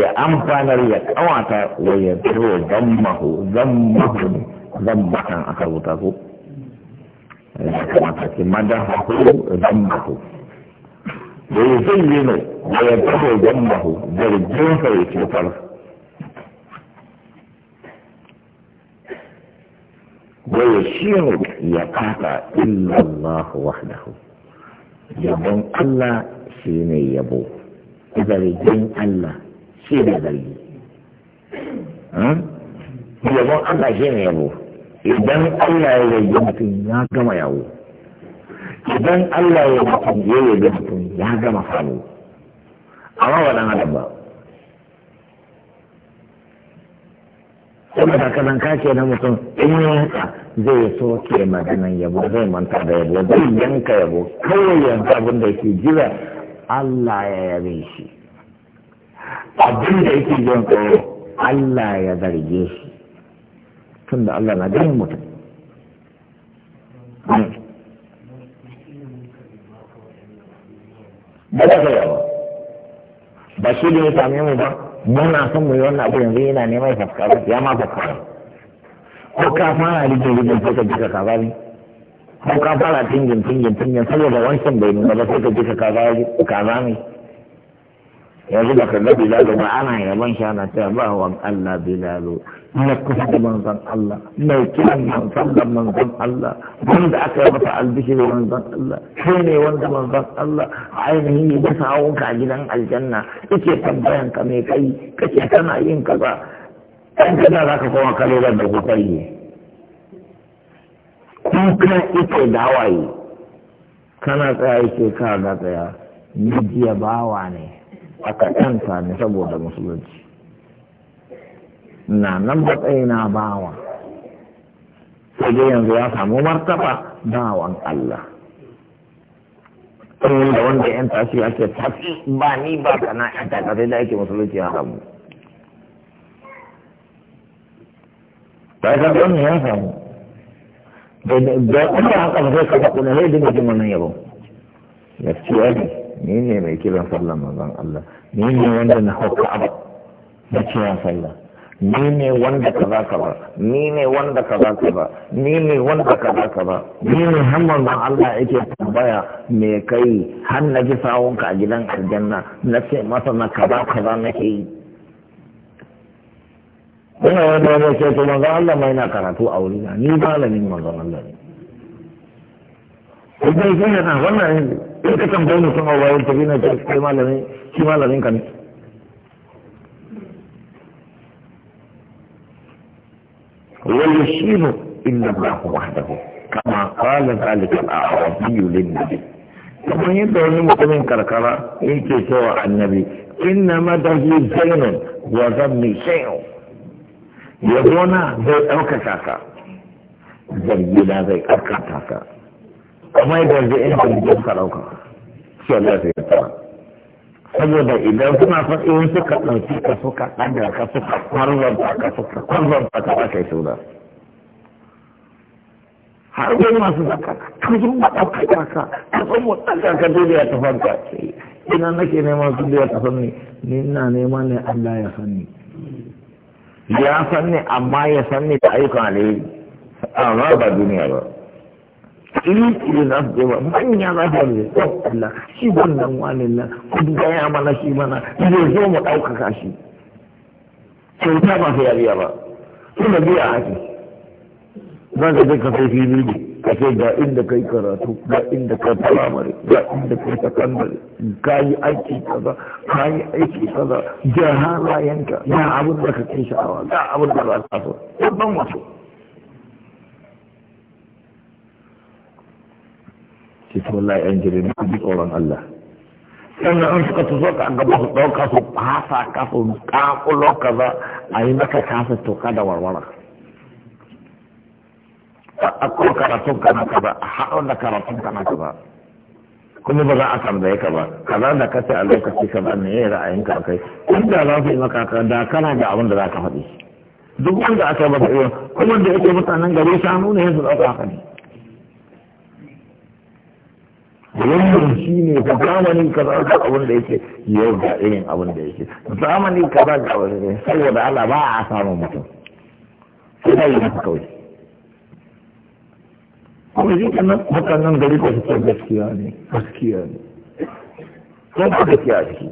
ya amfanar ya kawata wa ya dafa zammahu zan zammahan a rubuta ko ya kamata ki madaha ko zambahu da ya zayyano da ya taho zambahu zarginsa ya cutar wa ya shiru ya kata illallah wahdahu yabon Allah shi ne yabo zargin Allah shi ne zargi yabon Allah shi ne yabo idan Allah ya yaji mutum ya gama yawo idan Allah ya mutum ya yaji mutum ya gama sabo amma ba dan adam ba saboda haka nan kake na mutum in ya haka zai so ke maganan yabo zai manta da yabo zai yanka yabo kawai yanka abin da yake jira Allah ya yabe shi abin da yake jin tsoro Allah ya zarge shi tun da Allah na ganin mutum hmm. ba da yawa ba shi da ya same mu ba muna son mu yi wannan abu yanzu yana neman faskara ya ma faskara ko ka fara rikin rikin sai ka jika kaza ne ko ka fara tingin tingin tingin saboda wancan bai nuna ba sai ka jika kaza ne yanzu ba ka ga bilalu ba ana yaban shi ana cewa ba wa Allah bilalu na kusa da manzan Allah mai kiran manzan da manzan Allah wanda aka yi masa albishi manzan Allah shi ne wanda manzan Allah a ainihin yi masa ka gidan aljanna yake tambayan ka mai kai kace kana yin kaza ɗan kana za ka koma kare da kokari ne kuka ita da hawaye kana tsaya yake ka ga tsaya ni jiya bawa ne aka ɗanta ne saboda musulunci na nan na bawa sai dai yanzu ya samu martaba bawan Allah tun da wanda yan tashi ake tafi ba ni ba ka na yan takasai da ake musulunci a samu ba ka ga wannan ya samu da kuma haka ba sai ka faɗi zai dinga jin wannan yabo ci ne ni ne mai kiran sallan mazan Allah ni ne wanda na hauka abu da kiran sallah ni ne wanda kaza kaza ni ne wanda kaza kaza ni ne wanda kaza kaza ni ne hannun da Allah yake tambaya me kai har na ji ka a gidan aljanna na ce masa na kaza kaza ke yi ina wani wani ce to manzon Allah mai na karatu a wuri ni malamin manzon Allah ne idan na wannan in ka tambaye mutum a wayan tafi na ce kai malamin shi malamin ka ne ويشير إلا الله وحده كما قال ذلك الأعرابي للنبي كما يدعون مؤمن كركرة يجي سوى النبي إنما مدهي زين وظني شيء يبونا زي أوكتاكا zargina zai karkata ka kamar da zai yin zargin sarauka shi Allah zai yi saboda idan suna faɗi in suka ɗauki ka suka ɗaga ka suka kwarzanta ka suka kwarzanta ka ba kai suna har wani masu zaka ka zo ma ɗauka ka ka zo mu ɗauka ka duniya ta fanka ina nake neman su duniya ta sanni ni ina neman ne Allah ya sanni ya sanni amma ya sanni da ayyukan alheri amma ba duniya ba ƙiri n'a su zama manya za su zama ko Allah shi wannan wanin nan kun gaya mana shi mana zai zo mu ɗaukaka shi kyauta ba sai yariya ba tunda biya ake za ka je ka sai fili ne ka ce ga inda kai karatu ga inda kai firamare ga inda kai sakandare ka yi aiki kaza ka yi aiki kaza ga halayenka ga abin da ka ke sha'awa ga abin da ba ka so babban wasu cikin wallahi yan jirin ku ji tsoron Allah sannan an suka taso ka gaba su ɗauka su fasa ka su ƙaƙulo za a yi maka kasa toka da warwara a kuma karatun ka na kaza a haɗon da karatun ka na kaza kuma ba za a tambaye ka ba kaza da ka ce a lokaci kaza ne ya yi ra'ayin ka kai inda za su yi maka ka da kana da abin da za ka faɗi duk wanda aka yi masa iya, kuma da yake mutanen gari shanu ne ya su ɗauka haka ne wannan shi ne ga zamanin kaza ga abin da yake yau ga irin abin da yake zamanin kaza ga abin da yake saboda Allah ba a samun mutum sai dai masa kawai kuma shi kanan mutanen gari ko su ce gaskiya ne gaskiya ne ko ba gaskiya a ciki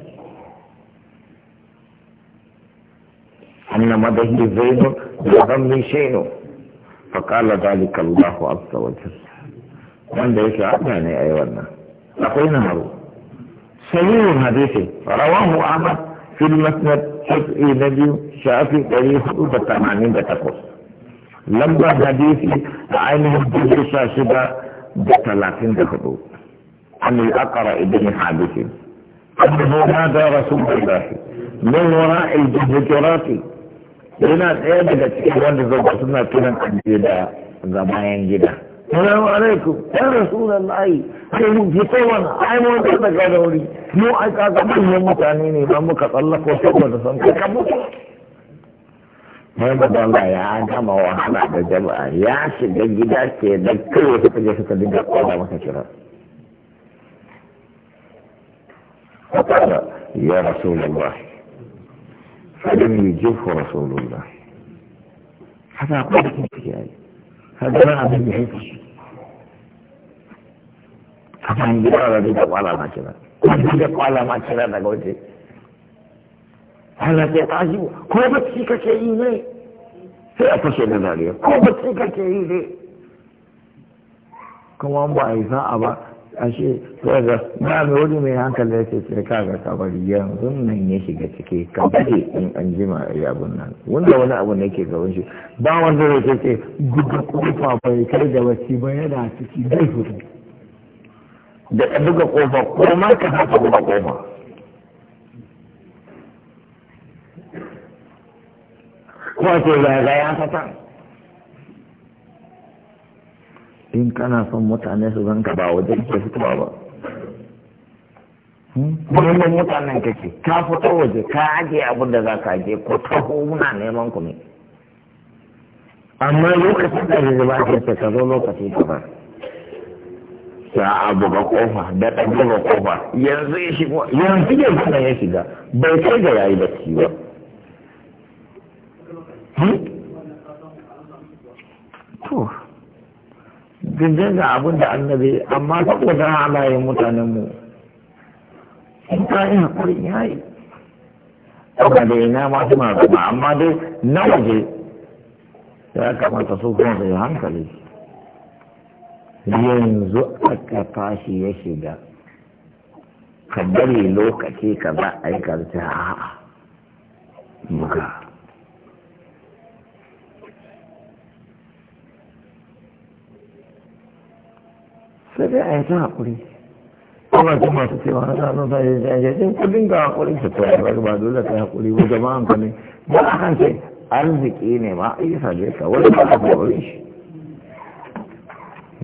annama da shi zainu da zan mai shainu فقال ذلك الله عز وجل wanda yake haka ne a yi wannan akwai na haru sahihun hadisi rawahu ahmad fil masnad shafi na biyu shafi ɗari hudu da tamanin da takwas lambar hadisi a ainihin dubu sha shida da talatin da hudu an yi akara ibn hadisin da نادى رسول الله من وراء الحجرات yana ɗaya daga cikin wanda zai suna kiran da 'yan gida Salamu alaikum, ‘yan Rasulun Lahi, sai mu ji kowane, ai mun ta daga da wuri, mu ai kaga manyan mutane ne ba muka tsallako saboda son kai ka mutu. Mai madalla ya gama wahala da jama'a ya shiga gida ke da kai suka je suka dinga kwada masa kira. Fakara ya Rasulun Lahi, fadin yi jefa Rasulun Lahi. Haka kwanaki suke yi. haddana abin da haifar haka yin gida da zai da kwala na kira kwanzu da kwala na kira daga waje hannun sai ta yi ko ba ci kake yi ne sai a fashe na zariya ko ba ci kake yi ne kuma ba a yi za a ba ashe kaga ba ga wuri mai hankali ya ce sai kaga kabari yanzu nan ya shiga ciki ka bari in an jima ya abun nan wanda wani abu ne ke gaban shi ba wanda zai ce ce eh, gudu kofa bai kai da wacce ba yana ciki zai fito da ka buga kofa ko ma ka haka buga kofa ko ce ga ya fata in kana son mutane su zanka ba waje ke fitowa ba kullum hmm? mutanen kake ka fito waje ka ajiye abin da za ka je ko taho muna neman ku ne amma lokacin da ya zaba ke ka zo lokaci ka ba ya abu ga kofa da ɗan ga kofa yanzu ya shigo yanzu ya zana ya shiga bai kai ga yayi bacci ba hmm? to dindin ga abin da annabi amma saboda halayen mutanenmu in ka yi haƙuri ya yi ɗauka da ina masu amma dai na waje ya kamata su kuma su hankali yanzu aka tashi ya shiga ka bari lokaci ka za a yi karfi a'a buga sai dai a yi ta haƙuri kuma ji masu cewa na zanen sanar yi ya yi yakin kudin ga haƙuri su koya ba ba dole ka haƙuri ba jama'a ka ne ba a kan sai arziki ne ma a yi sage ka wani ba a kawai shi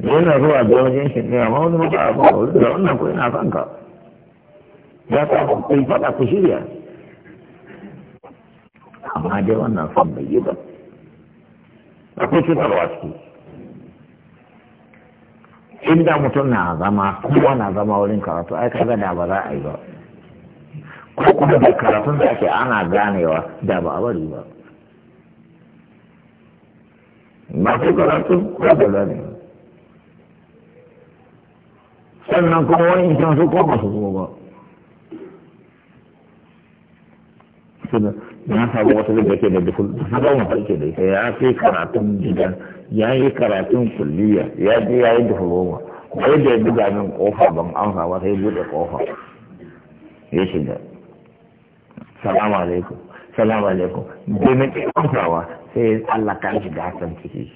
yana zuwa da wajen shi ne amma wani ba a kawai da wannan kuɗi na kanka ya ta kai faɗa ku shirya amma dai wannan son bai yi ba akwai cutarwa ciki inda mutum na zama kuma na zama wurin karatu ai kaga da ba za a yi ba ko kuma da karatun da ake ana ganewa da ba a bari ba masu karatu ko da gane sannan kuma wani in su ko ba su ba tuna na samu wata zai ke da dukul na zama farke da ita ya fi karatun gida ya yi karatun kulliya ya je ya yi diploma sai da ya buga min kofa ban amsa ba sai buɗe kofa ya shiga salamu alaikum salamu alaikum bai na ke amsawa sai Allah kan shi da hasan ciki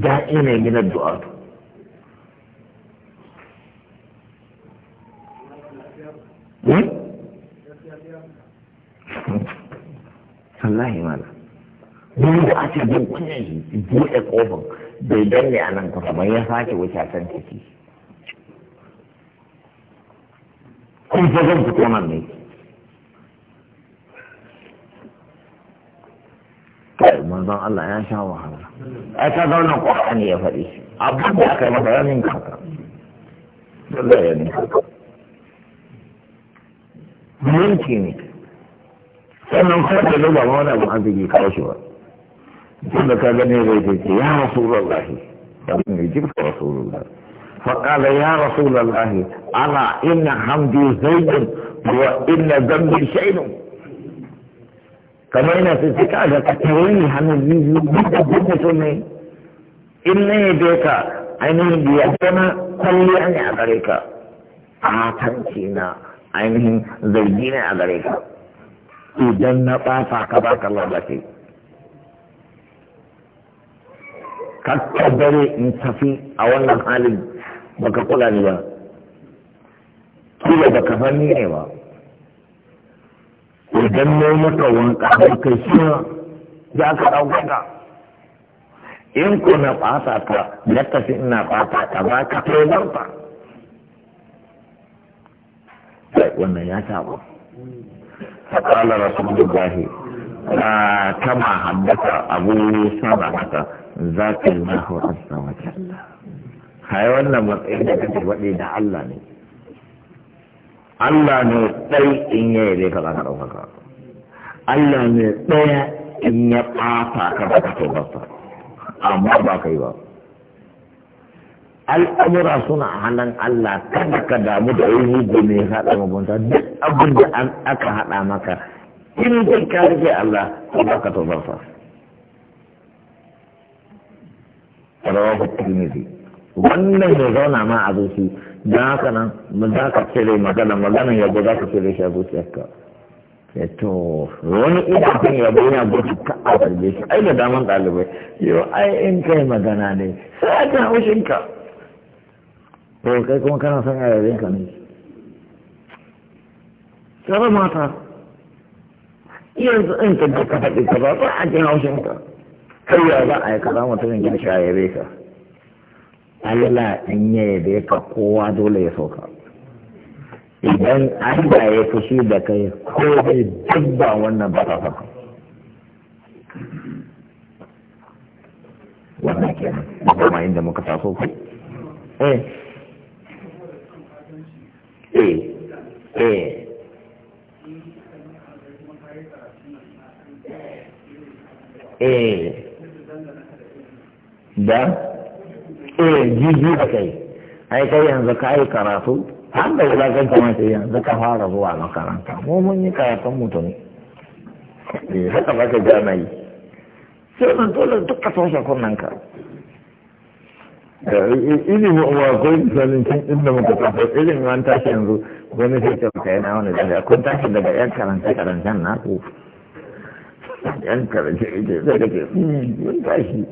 da'i ne gina du'atu wallahi mala mun da ake bin kunyan buɗe ƙofar bai danne a nan kafa, ban ya sake wuce a can ciki kun fa zan fito nan ne kai manzon Allah ya sha wahala ai ka zauna ƙwaƙa ne ya faɗi abin da aka yi masa ya ninka ka Allah ya mulki ne sannan kuma da zuba ma wani abu arziki kawo shi ba tun da ka gani zai ce ce ya lallahi da mun yi jirka rasulullah فقال يا رسول الله أنا إن حمدي wa ina zambi شيء kamar yana sai sai kaga ka tawayi hannun biyu duka duka sun ne in ne ya bai ka ainihin biya zama kwalliya ne a gare ka a tanki na ainihin zargi ne a gare ka idan na ɓata ka ba ka lalace kakka dare in tafi a wannan halin baka kula ni ba kila ka fanni ne ba idan ne maka wanka har ka shi za ka ɗauka ka in ku na ɓata ka na tafi ina ɓata ka ba ka taimarta Allah wannan ya samu. Fakalar Rasulun Gahi, a kama abu sama za ka yi mahu asa wata. Hayi wannan matsayin da kake waɗe da Allah ne. Allah ne ɗai in yi yare ka zaka ɗaukaka. Allah ne ɗaya in ya ɓata ka zaka ɗaukaka. Amma ba ka ba. al'amura suna hannun Allah kada ka damu da wani da mai haɗa mabunta duk abin da aka haɗa maka in dai ka ke Allah ba ka tozar sa ku tirmidhi wannan ya zauna ma a zuci da haka nan ba za ka cire magana magana ya ba za ka cire shi a zuciyarka to wani ina kan yabo yana gudu ka a zarge shi ai da daman ɗalibai yau ai in kai magana ne sai ka haushinka to kai kuma kana son a yaren ka ne tsara mata yanzu in ka duka haɗe ka ba ba a jin haushin ka kai ya za a yi kaza mutumin ya sha a ka Allah in ya yabe ka kowa dole ya sauka idan da ya fushi da kai ko zai dabba wannan ba ta saka wannan kenan ba kuma inda muka taso ku eh eh eh eh da eh jiji da kai ai kai yanzu ka yi karatu har da wulakan kamata yanzu ka fara zuwa makaranta mu mun yi karatun mutu ne. eh haka ba ka gana yi sai mun dole duk ka toshe kunnen ka ilimi wa akwai misalin cin inda muka tafi ilimi an tashi yanzu wani sai ta kai na wani daga kun tashi daga yan karanta karantan na ku yan karanta ita sai da hmm, mun tashi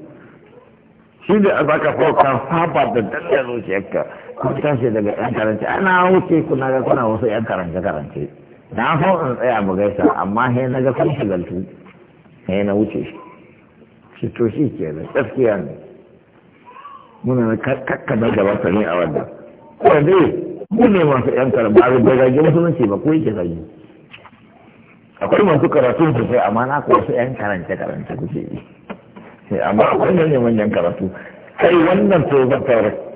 shi da a baka farka saba da dangar zuciyarka kun tashi daga yan karanta ana wuce kuna ga kuna wasu yan karanta karanta na so in tsaya mu gaisa amma sai na ga kun shigaltu sai na wuce shi to shi da gaskiya ne muna na kakka na gaba sa ne a wannan kuma dai mu ne masu yan karba abin da sun musulunci ba ko yake zagi akwai masu karatu sosai amma na ko su yan karanta karanta kuke sai sai eh, amma akwai ne manyan karatu kai wannan ta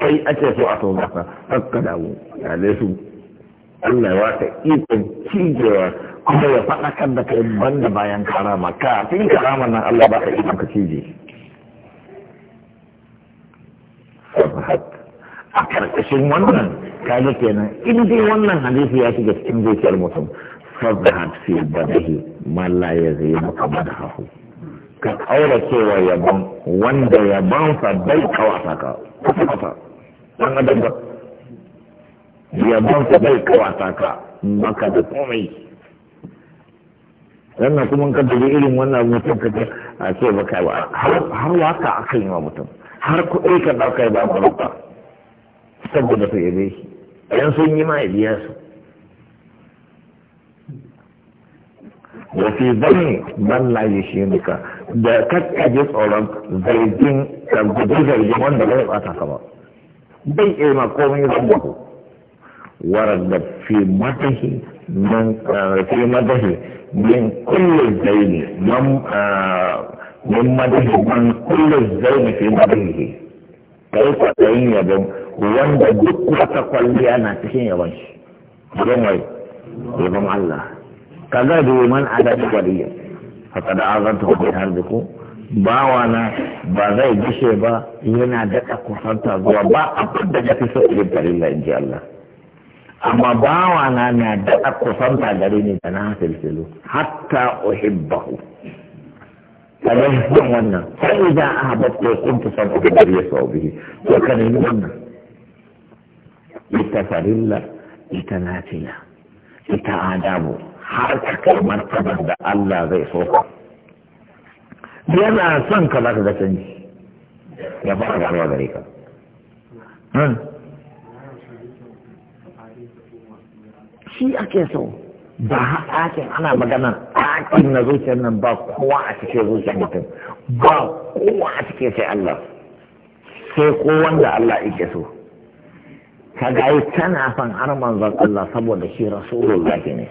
kai ake so a ta kakka mu ya su Allah ya wata ikon cijewa kuma ya kan da kai banda bayan karama kafin karama nan Allah ba ka ikon ka cije a karkashin wannan kaga kenan in dai wannan hadisi ya shiga cikin zuciyar mutum fadhat fi badahi ma la yazinu hafu ka aure cewa yabon wanda yabon fa bai kawata ka dan adam ba yabon fa bai kawata ka maka da komai sannan kuma ka da irin wannan mutum ka a ce baka har waka akan yi wa mutum har kuɗi ka ɗauka ba ku saboda su yabe shi idan sun yi ma ya biya su da fi zan ban laye shi nuka da kakkaje tsoron zargin da gudu zargin wanda bai bata ka ba bai iya ma komai zan ba ku warar da fi matahi من في مده من من madadi من كل zaini في madadihi kai تأين yabon wanda duk wata kwalliya na cikin yabon shi yabon wai yabon Allah kaga da man adadi kwalliya haka da azanta wajen bawa na ba zai gishe ba yana daɗa kusanta zuwa ba a da ya fi so irin kalilla in ji Allah amma bawa na na daɗa kusanta gare ni da na hasilsilu hatta uhibbahu kaga san wannan sai idan ahabbtu kuntu san ya sa bihi to kan yi wannan ita farilla ita lafiya, ita adabu har ka kai martabar da Allah zai so ka yana son ka za ka ga canji ya fara garuwa gare ka hmm? shi ake so ba ɗakin ana magana ɗakin na zuciyar nan ba kowa a cikin zuciyar mutum ba kowa a cikin sai Allah sai ko wanda Allah yake so ka ga tana son har manzon Allah saboda shi rasulullah ne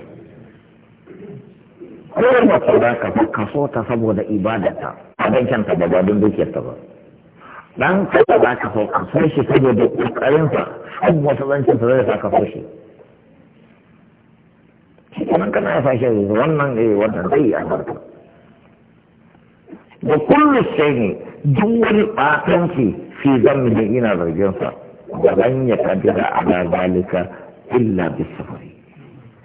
Kowanne mace za ka ka so ta saboda ibadata abincin ta da don dukiyar ta ba dan ka za ka so ka so shi saboda kokarin sa har zancin sa zai sa ka so shi shi kanan kana ya sashe wannan eh wannan zai yi albarka da kullu ne duk wani ɓatanci fi zan da ina sa da ban ya da ala zalika illa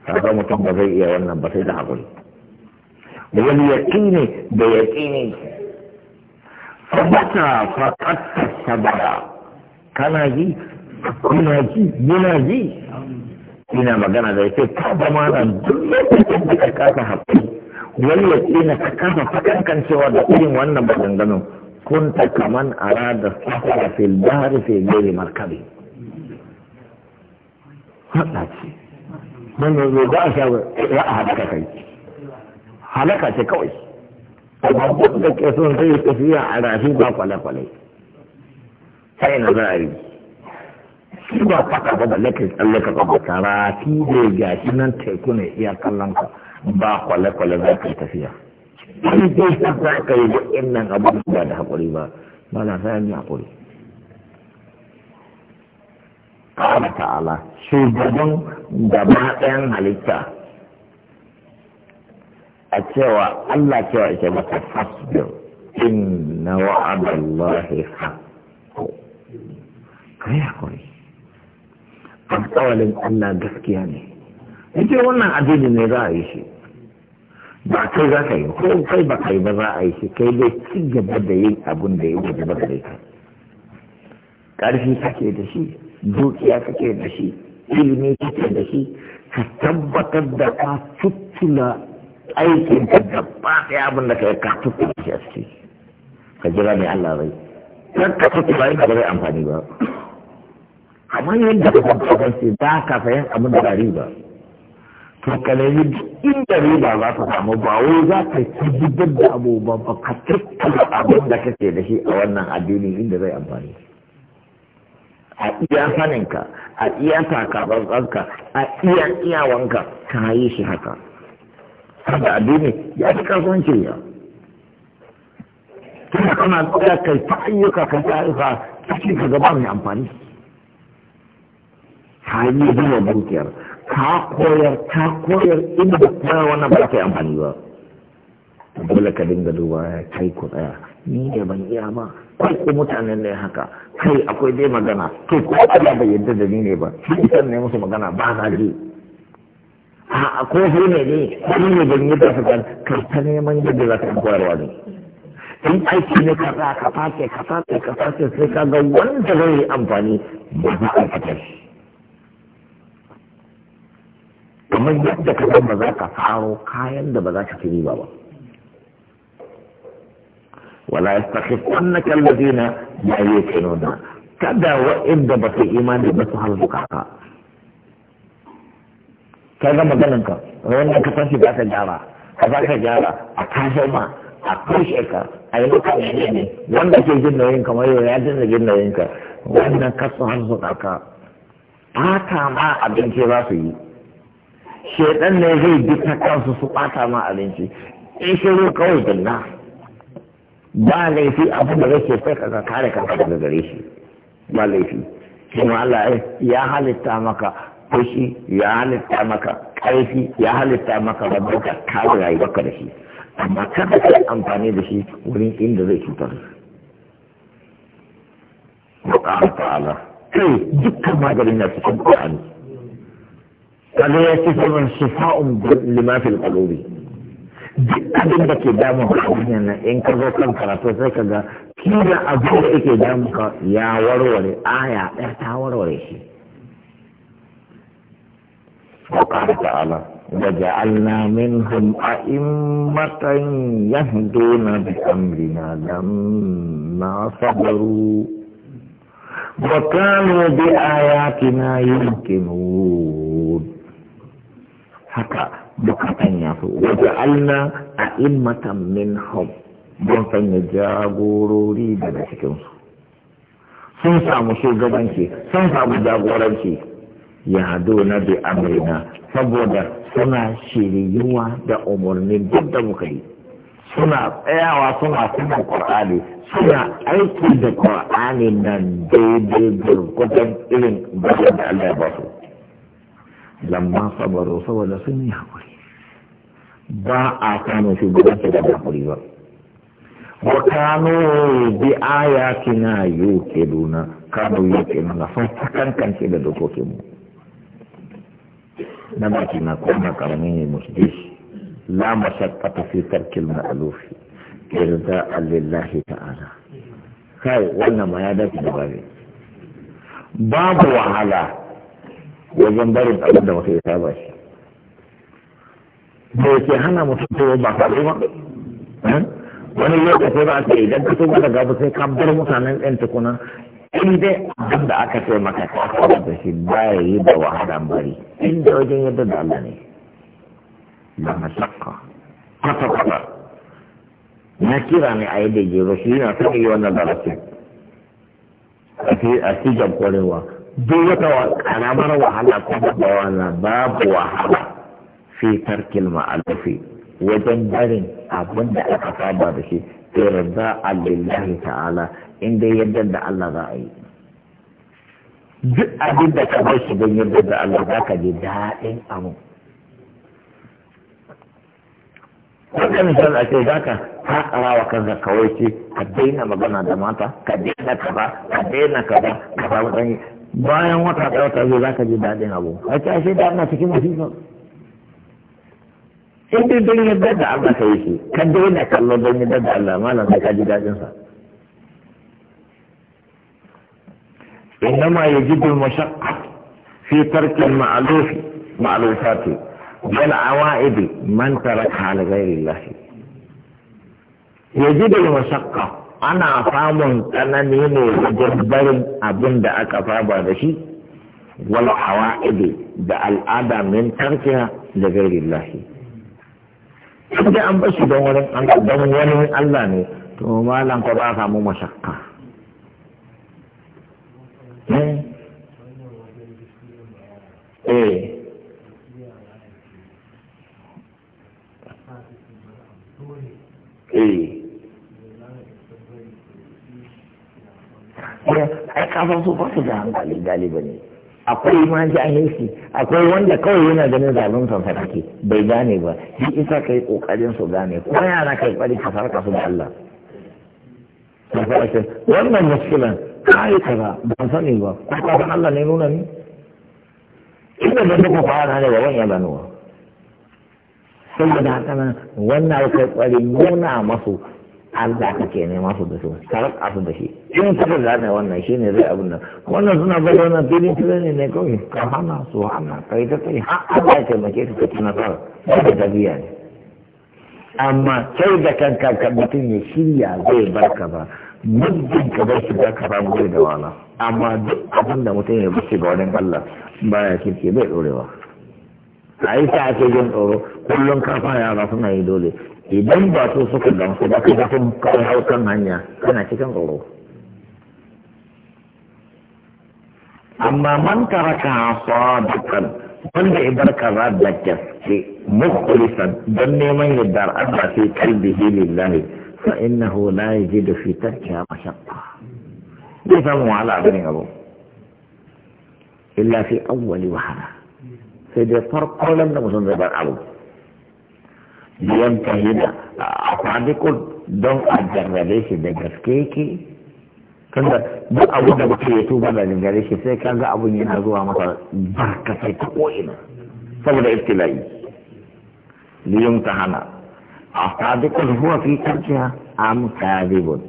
ka ga mutum ba zai iya wannan ba sai da haƙuri wal yaqini da yaqini sabata faqat sabara kana ji kuna ji muna ji ina magana da yake ka ba malam duk lokacin da ka kasa haƙƙi wani ya ce na ka kasa fakankan cewa da irin wannan maganganun ta kaman arada safara fil bahri fi gari markabi haɗa ce ne zo ba sha ba a halaka kai halaka ce kawai amma duk da ke son zai tafiya a rafi ba kwale-kwale sai na zari shi ba kwata ba balle kai tsalle ka kwaba rafi da gashi nan teku ne iya kallon ka ba kwale-kwale za ka tafiya shi dai ta ka yi wa'innan abin ba da haƙuri ba ba na sa yi haƙuri ƙara ta'ala shugaban gaba ɗayan halitta a cewa Allah cewa ake masa fasbir inna wa'adallahi haqq kai haƙuri alƙawalin Allah gaskiya ne Ita wannan addini ne za a yi shi ba kai za ka yi ko kai ba kai ba za a yi shi kai dai ci gaba da yin abun da ya gaba da kai karfi kake da shi dukiya kake da shi ilimi kake da shi ka tabbatar da ka tuttula aikin ka ba ɗaya abin da kai ka tuttula shi a ciki ka jira mai Allah rai kan ka tuttula yin ba zai amfani ba kamar yadda ka kasance ba ka sayan abin da riba to ka nemi inda riba za ta samu ba wai za ka tabbatar da abubuwan ba ka tattala abin da kake da shi a wannan addini inda zai amfani a iya saninka a iya takatsantsanka a iya iyawanka ka yi shi haka saboda addini ya fi kasuwanci ya tunda kana tsaya kai ta ayyuka ka ta ayyuka cikin ka gaba mai amfani ka yi biya dukiyar ka koyar ka koyar da koyar wannan ba ta yi amfani ba dole ka dinga duba ya kai ku tsaya ni ne ban iya ba kai ku mutanen ne haka kai akwai dai magana to ko Allah bai yarda da ni ne ba shi san ne musu magana ba za ji a ko sai ne ne ni ne ban yi da kan kai ta neman yadda za ka koyarwa ne in aiki ne ka za ka fake ka fake ka fake sai ka ga wanda zai yi amfani ba za a fitar shi kamar yadda ka zama ba za ka faro kayan da ba za ka fi ba wala ya ya yi la da. kada wa'inda ba su imani ba su harzuka ka ka ga maganin ka wanda ka san shi za ka gyara ka za ka gyara a tashi ma a kashe ka a yi maka ne ne wanda ke jin nauyin kamar yau ya jin jin nauyin ka wannan kasu harzuka ka ta ma abinci za su yi shaidan ne zai bi kansu su bata ma abinci in shiru kawai dinna ba laifi abu da kake sai ka kare kanka daga gare shi ba laifi kuma Allah ya halitta maka fushi ya halitta maka ƙarfi ya halitta maka babban ka kare rayuwarka da shi amma kada ka amfani da shi wurin inda zai cutar Allah ta'ala kai dukkan maganin na cikin Qur'ani kaga ya ce kuma shifa'un lima fil qulubi duk abin da ke damun ka hanyar nan in ka zo kan karatu sai ka ga kila abin da yake damun ka ya warware aya ɗaya ta warware shi وقال تعالى وجعلنا منهم أئمة يهدون بأمرنا لما صبروا وكانوا بآياتنا يمكنون haka duka sanya su waje alna a immatan min hau don sanya jagorori daga cikinsu sun samu shugabanci sun samu jagoranci ya na bi amurina saboda suna shiriyuwa da umarnin duk da muka yi suna tsayawa suna suna ƙwar'ani suna aiki da ƙwar'ani nan daidai gurgudan irin bayan da Allah ya ba su. lamma sabaru saboda sun yi haƙuri ba a gudan shugabanci da haƙuri ba wa kano bi ayatina yuqiluna kano yuqiluna sun kankance da dokokin mu na baki na kuma karmi ne musulmi la mashaqqata fi tarkil ma'luf irza allahi ta'ala kai wannan ma ya dace da babu wahala wajen barin abin da mutum ya saba shi da yake hana mutum ta ba ka ba eh? wani lokaci ba ce idan ka tuba daga gaba sai ka bar mutanen ɗan tukuna in dai abin da aka ce maka ka saba da shi ba ya yi da wahala bari inda wajen yadda da Allah ne ba shakka kwata kwata na kira ne a yi da jero shi yana kan yi wannan darasin a fi jamkorewa duk wata karamar wahala ko babba wahala babu wahala fi tarkil ma'alufi wajen barin abin da aka saba da shi sai rabba alillahi ta'ala inda yadda da Allah za a yi duk abin da ka bar shi don yadda da Allah za ka ji daɗin abu Wata misali a ce za ka haƙara wa kanka kawai ce ka daina magana da mata ka daina kaza ka daina kaza ka samu ɗanyi bayan wata ɗaya wata zai zaka ji daɗin abu a ce ashe da ana cikin masifa in dai don yadda da Allah ka yi shi ka daina kallo don yadda da Allah malam sai ka ji daɗin sa innama yajidul mashaqqa fi tarki ma'luf ma'lufati bil awa'id man taraka al ghairi llahi yajidul mashaqqa ana samun tsanani ne wajen barin abin da aka faba da shi wal hawa'idi da al'ada min tarkiya da gairillahi da an bashi don wani don wani Allah ne to malam ka ba samu mashakka hmm? eh eh ai kafan su ba su da hankali galiba ne akwai ma jahilci an yi shi akwai wanda kawai yana ganin zalun sansa kake bai gane ba shi isa kai kokarin su gane kuma yana kai bari ka farka su da Allah wannan muskilan kai kaza ban sani ba ko ka san Allah ne nuna ni inda da muka fara ne wannan ya Sai da haka nan wannan kai bari nuna masu Allah kake nema su da su sarar asu da shi in kuka gane wannan shi ne zai abin nan wannan suna ba da wannan filin filin ne kawai ka hana su hana kai yi kai har Allah ya taimake ka kaci nasara da tafiya ne amma kai da kanka ka mutum ya shirya zai ka ba muddin ka bar shi ka samu zai da wala amma duk abin da mutum ya bushe ga wani Allah ya kirki bai ɗorewa a yi sa ake jin tsoro kullum kafa yara suna yi dole idan ba su suka gamsu ba ka gafin kawai haukan hanya kana cikin tsoro amma man taraka dukkan wanda ya bar kaza da gaske mukulisan don neman yardar Allah fi qalbihi lillahi fa innahu la yajidu fi tarkiha mashaqqa zai samu wahala a ganin abu illa fi awwali wahala sai dai farko da mutum zai bar abu biyan tahida a kwadikun don a jarrabe shi da gaske yake tunda duk abu da mutum ya tuba da jingare shi sai kaga abun yana zuwa masa barkatai ta ko'ina saboda iftila'i liyun ta hana a kwadikun huwa fi karkiya am kazibun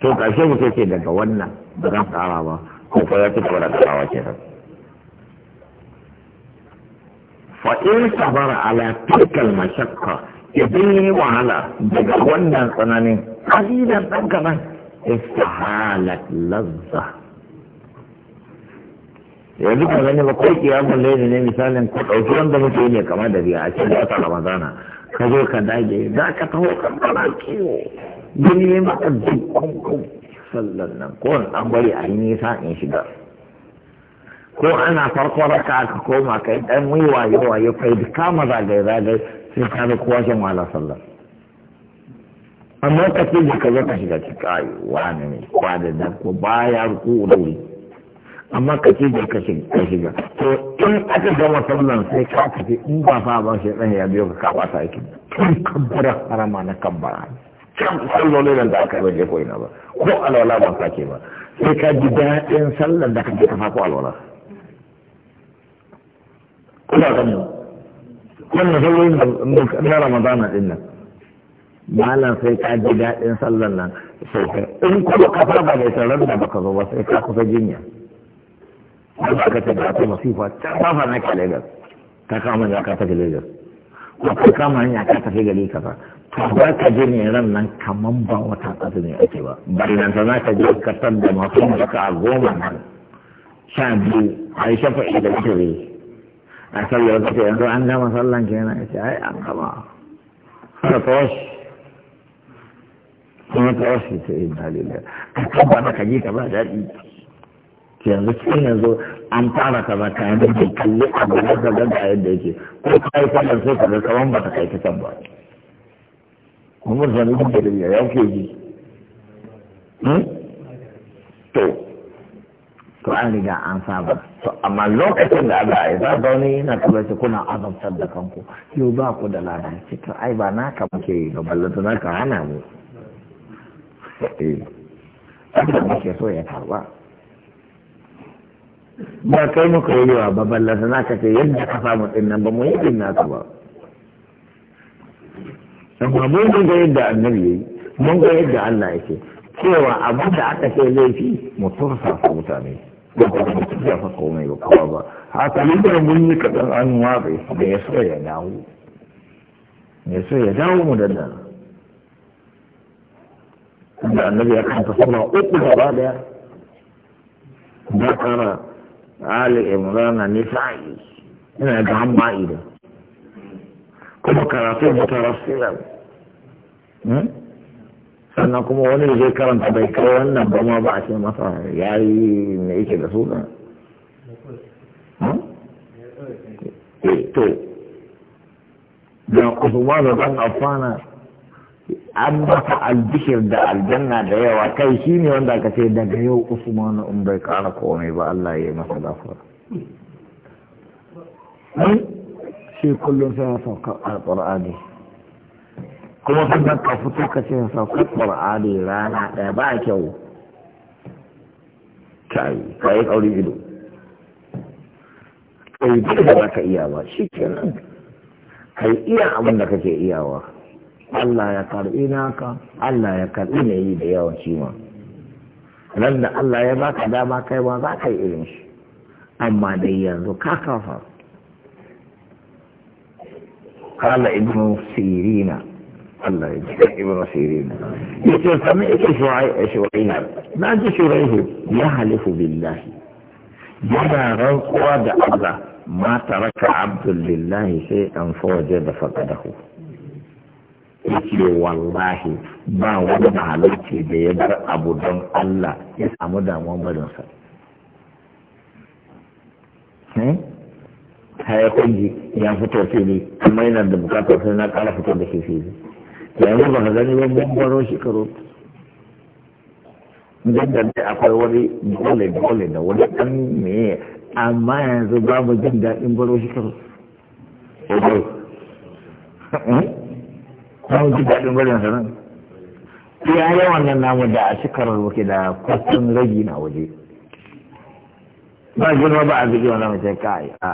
to karshe mutum ce daga wannan ba zan tsara ba ko ya fito da tsarawa kenan fa in sabara ala tilkal mashaqqa idan yi wahala daga wannan tsananin kalilan dan kaman istahalat lazza yanzu ka gani ba ko kiyamun laili ne misalin ko ɗauki wanda muke ne kama da biya a cikin wata ramadana ka zo ka dage za ka taho ka fara kiwo gani ne maka dukkan sallan nan ko an bari a yi nisa in shiga ko ana farko raka aka koma kai dan wai waye waye kai da kama zagaye zagaye sai ka ga kowa shan wala sallah amma ka ce da ka zaka shiga ciki ayi wani ne kwa da da ko baya ku da amma ka ce da ka shiga to in aka gama sallan sai ka tafi in ba fa ba shi dan ya biyo ka ka bata yake kan kabbara harama na kabbara can sallolin da aka rage ko ina ba ko alwala ba sake ba sai ka ji daɗin sallar da ka ji ka fa ko alwala kuna gani ba wannan sallolin na ramadana din nan malam sai ka ji daɗin sallan nan sai ka in kuma ka saba mai tarar da baka zo ba sai ka kusa jinya ba ba ka ce da ta masifa ta fafa na ka legas ka kama ya ka tafi legas ko ka kama hanya ka tafi gari ka ba to ba ka ji ne ran nan kaman ba wata ne ake ba bari nan za ka je ka san da masu baka a goma nan sha biyu a yi shafa'i da wutare a kan yau kace yanzu an gama sallan kenan na ita ai an gama har tawashi kuma wasu ce yi eh, dalilai kan tabbata ka ji ka ba daɗi yanzu cikin yanzu an fara ka ba kayan da ke kalli a gaba da ganta a yadda yake ko ka yi sallan sai ka zaka kaman ba ta kai ta kan ba kuma zanen da ya yau ke ji hmm? to to an riga an saba to amma lokacin da yi za sa wani yana tura shi kuna azabtar da kanku yau ba ku da ladan ce to ai ba naka muke ga ballata naka hana mu eh abin muke so ya karba ba kai muka yi yawa ba ballata naka ce yadda ka samu din nan ba mu yi din naka ba amma mun ga yadda annabi yayi mun ga yadda Allah yake cewa abu da aka ce laifi mu sa mutane da ba da ta jafa komai ba kowa ba haka da mun yi kaɗan an watsa da ya so ya dawo ya so ya dawo mu da nan da annabi ya kanta suna uku gaba daya da kara ali imrana nisa'i ina ga hamma'i da kuma karatu mutarassilan sannan kuma wani da zai karanta bai kai wannan ba ma ba a ce masa ya yi me yake da suna hmm? eh, to da usmanu dan afana an masa albishir da aljanna da yawa kai shi ne wanda aka ce daga yau usmanu in bai kara komai ba allah ya yi masa gafara hmm? shi kullum sai ya sauka alƙur'ani kuma sannan ka fito ka ce saukar ƙwar'ani rana ɗaya ba kyau kai ka yi ƙaurin ido ka yi duk da za ka iya ba shi kenan ka yi iya abin da kake iyawa Allah ya karɓi naka Allah ya karɓi ne yi da yawan shi ma ran da Allah ya baka dama kai ma za ka yi irin shi amma dai yanzu ka kafa قال ابن سيرين Ya الله يجزيك ابن سيرين يقول na شريح ما ya halifu billahi. yana rantsuwa da Allah ma taraka abdullahi sai an fawaje da faɗaɗahu yake wallahi ba wani mahalarci da ya bar abu don Allah ya samu damuwan barinsa haya kunji ya fito fili amma yana da bukatar sai na ƙara fito da shi fili yayin ba ka gani ba mun baro shi karo jin da akwai wani dole dole da wani dan meye amma yanzu babu jin daɗin baro shi karo ko ji daɗin gwarin sanar ya yawan nan namu da a shekarar wake da kwasan ragi na waje ba girma ba a bigi wani mace kai a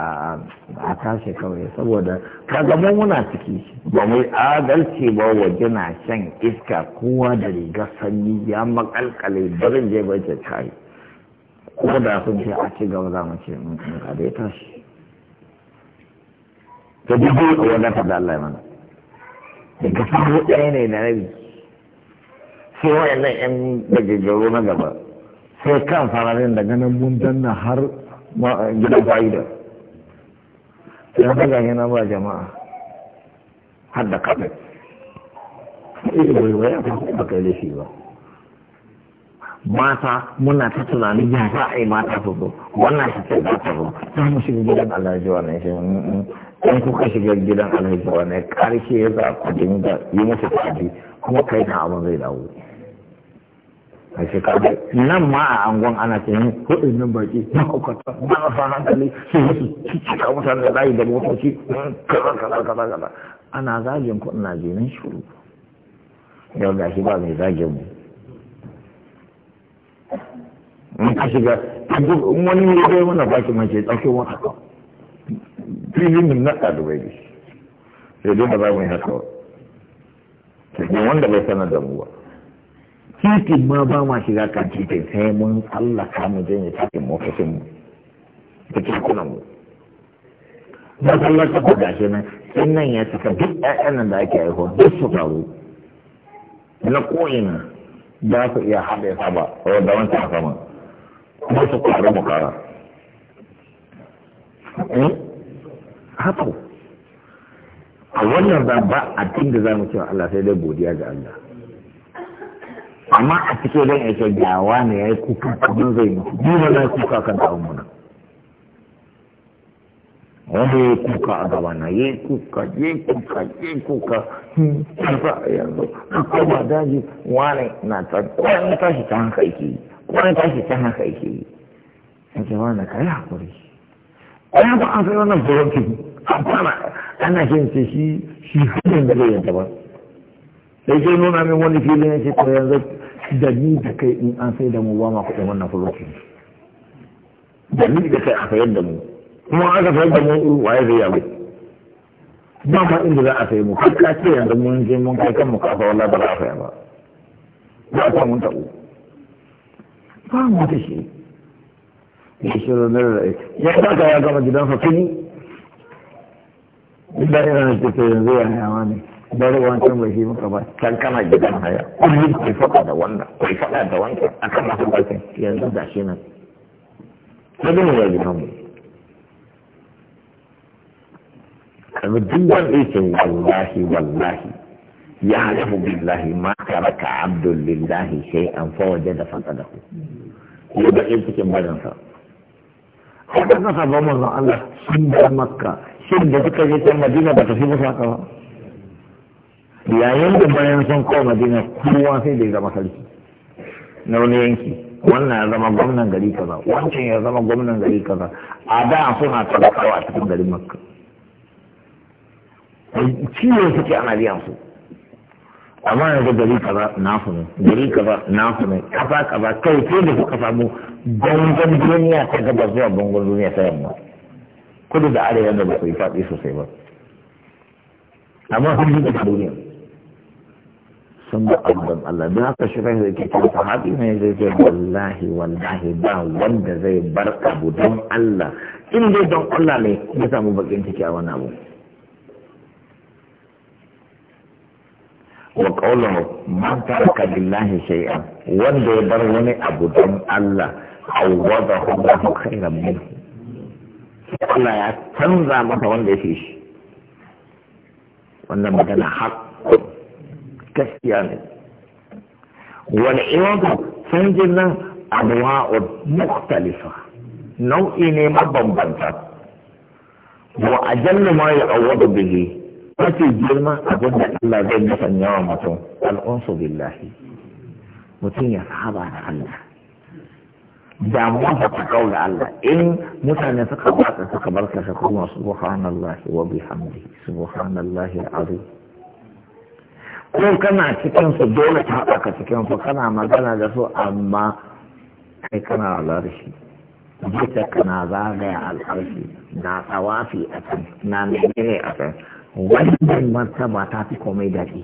tashi kawai saboda kaga mu muna ciki ba mu adalci ba waje na shan iska kowa da riga sanyi ya makalkale barin je ba ce kai ko da sun ce a ci gaba za mu ce mm, mm, a dai tashi ta ji ko wanda ta da Allah mana daga samu ɗaya ne na rabi sai wayannan 'yan dagaggaru na gaba sai kan fararen daga nan mun danna har gidan fa'ida sai haka ga yana ba jama'a har da kafin iri wai wai abin ba kai laifi ba mata muna ta tunanin ya za a yi mata su zo wannan shi ce za ta zo za mu shiga gidan alhaji wannan shi in kuka shiga gidan alhaji wannan karshe ya za kudin da yi masa tafi kuma kai na abin zai dawo a shekaru nan ma a angon ana ce yin kudin nan baki mahaukata marasa hankali su musu cika mutane da layi da motoci kaza kaza kaza kaza ana zagin kudin najeriyan shuru yau gashi ba mai zagin mu in ka shiga in wani ya zai mana baki mace ɗauke wata ka filin na ɗalibai ne sai dai ba za mu yi haka ba wanda bai sanar da mu ba titin ma ba ma shiga kan titin sai mun tsallaka mu je ne mu motocin mu da tikunan mu ba tsallaka ku shi nan in nan ya cika duk ƴaƴan da ake haihuwa duk su faru na ko'ina za su iya haɗe saba da wancan sama kuma su faru mu kara eh? haka a wannan da ba a da za mu cewa Allah sai dai godiya ga Allah amma a cikin ya ce gawa ne ya yi kuka kamar zai mutu duba na kuka kan tsawon muna wanda ya yi kuka a gaba na ya yi kuka ya yi kuka ya yi kuka kuka a yanzu kuka ba daji wani na ta kwanan tashi ta haka yake yi kwanan tashi ta haka yake yi ce wani ka yi hakuri ɗaya ba an sai wannan furokin a kwana ana shi shi shi hudun da zai yanta ba sai ke nuna min wani filin ya ce to yanzu da ni da kai in an sai da mu ba ma kuɗin wannan fulotin da ni da kai a sayar da mu kuma aka sayar da mu waye zai yabe ba ma inda za a sayi mu har ka ce yanzu mun je mun kai kan mu kafa wallahi ba za a saya ba ba a samun taɓo ba mu da shi ya shirin da rai ya ka ya gama gidansa tuni. Ina yana da ke yanzu ya hayawa ne. bari wancan bai shi muka ba can kana gidan haya kullum kai faɗa da wannan kai faɗa da wancan a kan masu barkan yanzu da shi nan sai mu ya gidan mu kaga duk wanda yake wallahi wallahi ya halafu billahi ma taraka abdul lillahi shay'an fa wajada ku. ya da cikin barinsa haka kasa ba manzon Allah sun da makka shin da suka je can madina ba ta fi musu haka ba yayin da bayan sun kawo madina kowa sai da ya zama sarki na wani yanki wannan ya zama gwamnan gari kaza wancan ya zama gwamnan gari kaza a da suna talakawa a cikin garin makka ciwon suke ana biyan su amma yanzu gari kaza na ne gari kaza nasu ne kasa kaza kai ke da suka samu gangan duniya ta gaba zuwa gangan duniya ta yamma kudu da arewa da ba su yi faɗi sosai ba amma sun yi da duniya sun ba abin Allah don haka shi kai zai cikin sahabi ne zai ce wallahi wallahi ba wanda zai bar abu don Allah in dai don Allah ne ya samu bakin ciki a wani abu wa qawluhu man taraka billahi shay'an wanda ya bar wani abu don Allah awwadahu Allahu khairan minhu Allah ya canza masa wanda ya fi shi wannan magana haƙ gaskiya ne wani iwadu canjin nan anwa'ud mukhtalifa nau'i ne mabambanta wa ajallu ma ya'awwadu bihi mafi girma abin da Allah zai musanya wa mutum al'unsu billahi mutum ya saba da Allah damuwa ba ta kaula Allah in mutane suka baka suka barka su kuma subhanallahi wa bihamdi subhanallahi al'azim ko kana cikin su dole ta haɗaka cikin su kana magana da su amma kai kana alarshi jita kana zagaya al'arshi na tsawafi a kan na menene a kan wannan martaba ta fi komai daɗi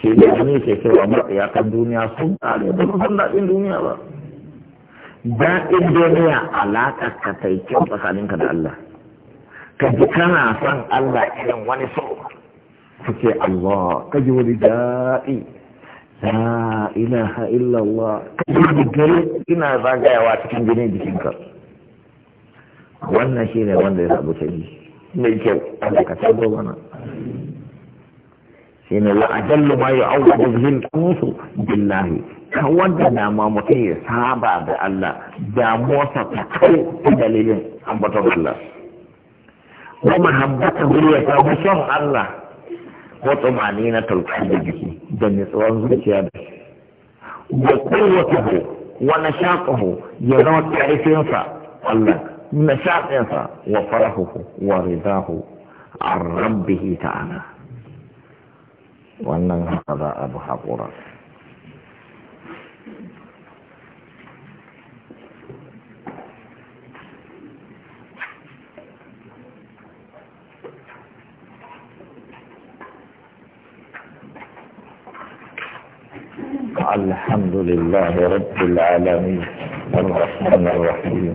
shi ne wani ke cewa kan duniya sun ƙare ba su san daɗin duniya ba daɗin duniya alaƙa ka ta yi kyau tsakaninka da Allah ka ji kana son Allah irin wani so suke Allah ka ji wani daɗi la ilaha illallah ka ji gari ina zagayawa cikin jinin jikinka wannan shi ne wanda ya sabu sani mai kyau Allah ka tabo mana shi ne wa ajallu ma yu'awwadu da zin kusu billahi kan wanda na ma mutum ya saba da Allah damuwarsa ta kai dalilin ambaton Allah wa mahabbata ya bi son Allah وطمأنينة القلب دم وقوته ونشاطه ينفع الله نشاط ينفع وفرحه ورضاه عن ربه تعالى وأنه هذا أبو حقورة الحمد لله رب العالمين الرحمن الرحيم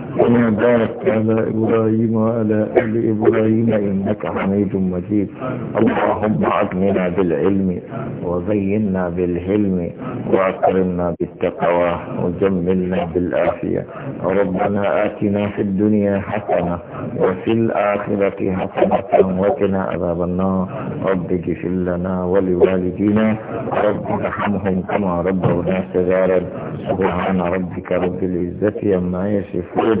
كما باركت على إبراهيم وعلى آل إبراهيم إنك حميد مجيد اللهم عدنا بالعلم وزينا بالهلم وأكرمنا بالتقوى وجملنا بالعافية ربنا آتنا في الدنيا حسنة وفي الآخرة حسنة وقنا عذاب النار رب اغفر لنا ولوالدينا رب ارحمهم كما ربونا صغارا سبحان ربك رب العزة عما يصفون